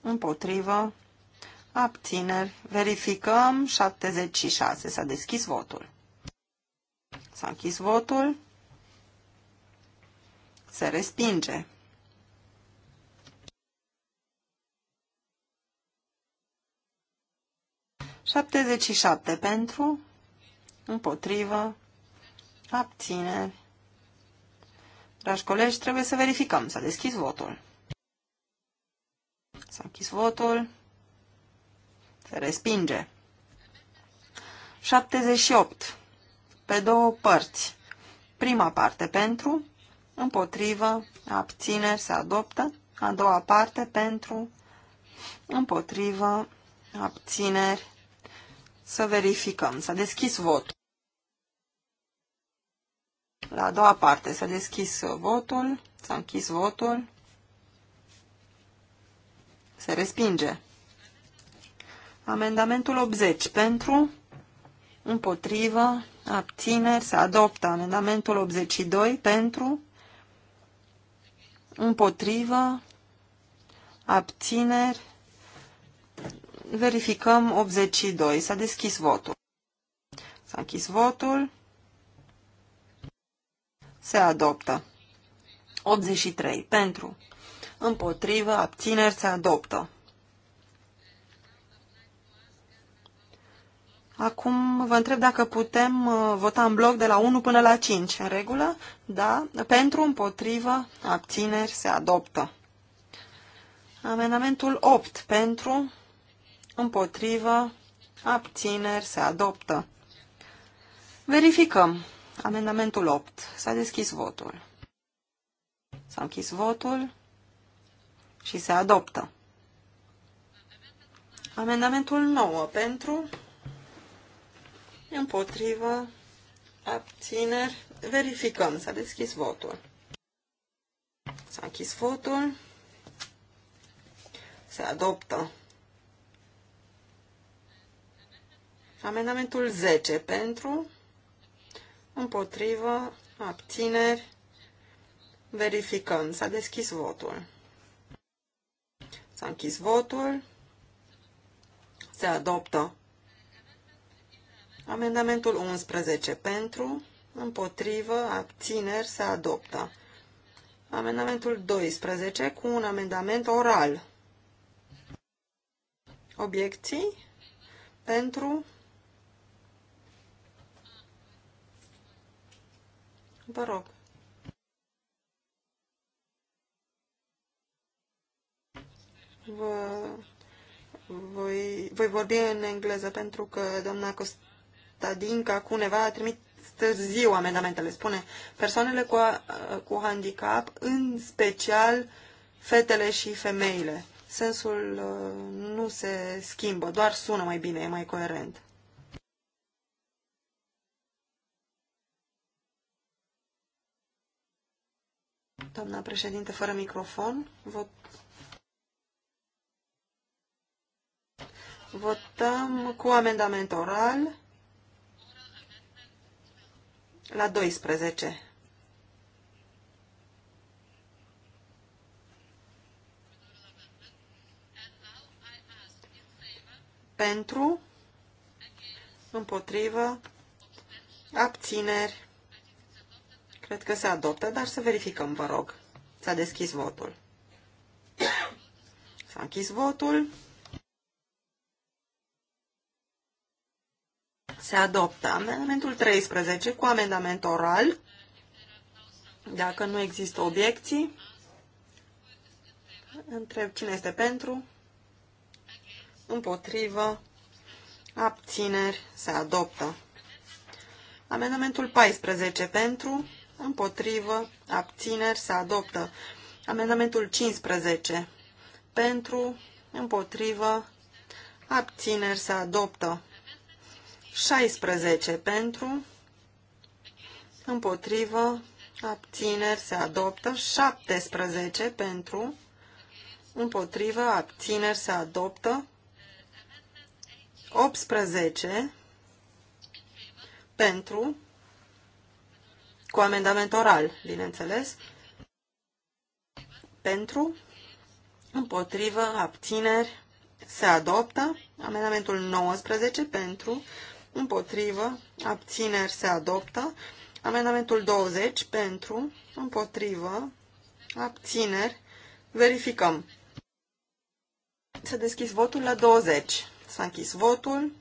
împotrivă, abțineri. Verificăm 76. S-a deschis votul. S-a închis votul. Se respinge. Șaptezeci și șapte pentru, împotrivă, abțineri. Dragi colegi, trebuie să verificăm. S-a deschis votul. S-a închis votul. Se respinge. 78. Pe două părți. Prima parte pentru, împotrivă, abțineri, se adoptă. A doua parte, pentru, împotrivă, abțineri, să verificăm. S-a deschis votul. La a doua parte s-a deschis votul, s-a închis votul, se respinge. Amendamentul 80 pentru, împotrivă, abțineri, se adoptă. Amendamentul 82 pentru, împotrivă, abțineri, verificăm 82. S-a deschis votul. S-a închis votul. Se adoptă. 83. Pentru. Împotrivă, abțineri, se adoptă. Acum vă întreb dacă putem uh, vota în bloc de la 1 până la 5. În regulă? Da. Pentru, împotrivă, abțineri, se adoptă. Amendamentul 8. Pentru, împotrivă, abțineri, se adoptă. Verificăm. Amendamentul 8. S-a deschis votul. S-a închis votul și se adoptă. Amendamentul 9. Pentru, împotrivă, abțineri, verificăm, s-a deschis votul. S-a închis votul, se adoptă. Amendamentul 10 pentru, împotrivă, abțineri, verificăm, s-a deschis votul. S-a închis votul, se adoptă. Amendamentul 11 pentru, împotrivă, abțineri, se adoptă. Amendamentul 12 cu un amendament oral. Obiecții pentru... Vă rog. Vă voi, voi vorbi în engleză pentru că doamna Cost Tadinca Cuneva a trimis târziu amendamentele. Spune, persoanele cu, cu handicap, în special fetele și femeile. Sensul uh, nu se schimbă, doar sună mai bine, e mai coerent. Doamna președinte, fără microfon, vot... votăm cu amendament oral la 12. Pentru, împotrivă, abțineri. Cred că se adoptă, dar să verificăm, vă rog. S-a deschis votul. S-a închis votul. Se adoptă amendamentul 13 cu amendament oral. Dacă nu există obiecții, întreb cine este pentru, împotrivă, abțineri, se adoptă. Amendamentul 14 pentru, împotrivă, abțineri, se adoptă. Amendamentul 15 pentru, împotrivă, abțineri, se adoptă. 16 pentru, împotrivă, abțineri se adoptă, 17 pentru, împotrivă, abțineri se adoptă, 18 pentru, cu amendament oral, bineînțeles, pentru, împotrivă, abțineri se adoptă, amendamentul 19 pentru, împotrivă, abțineri se adoptă. Amendamentul 20 pentru, împotrivă, abțineri, verificăm. S-a deschis votul la 20. S-a închis votul.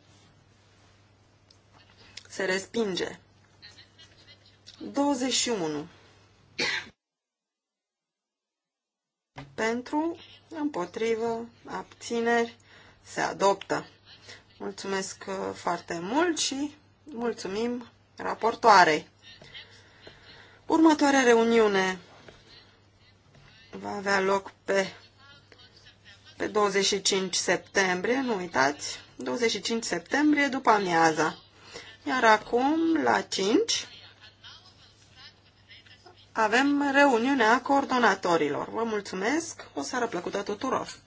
Se respinge. 21. Pentru, împotrivă, abțineri, se adoptă. Mulțumesc uh, foarte mult și mulțumim raportoarei. Următoarea reuniune va avea loc pe, pe 25 septembrie, nu uitați, 25 septembrie după amiaza. Iar acum, la 5, avem reuniunea coordonatorilor. Vă mulțumesc, o seară plăcută tuturor!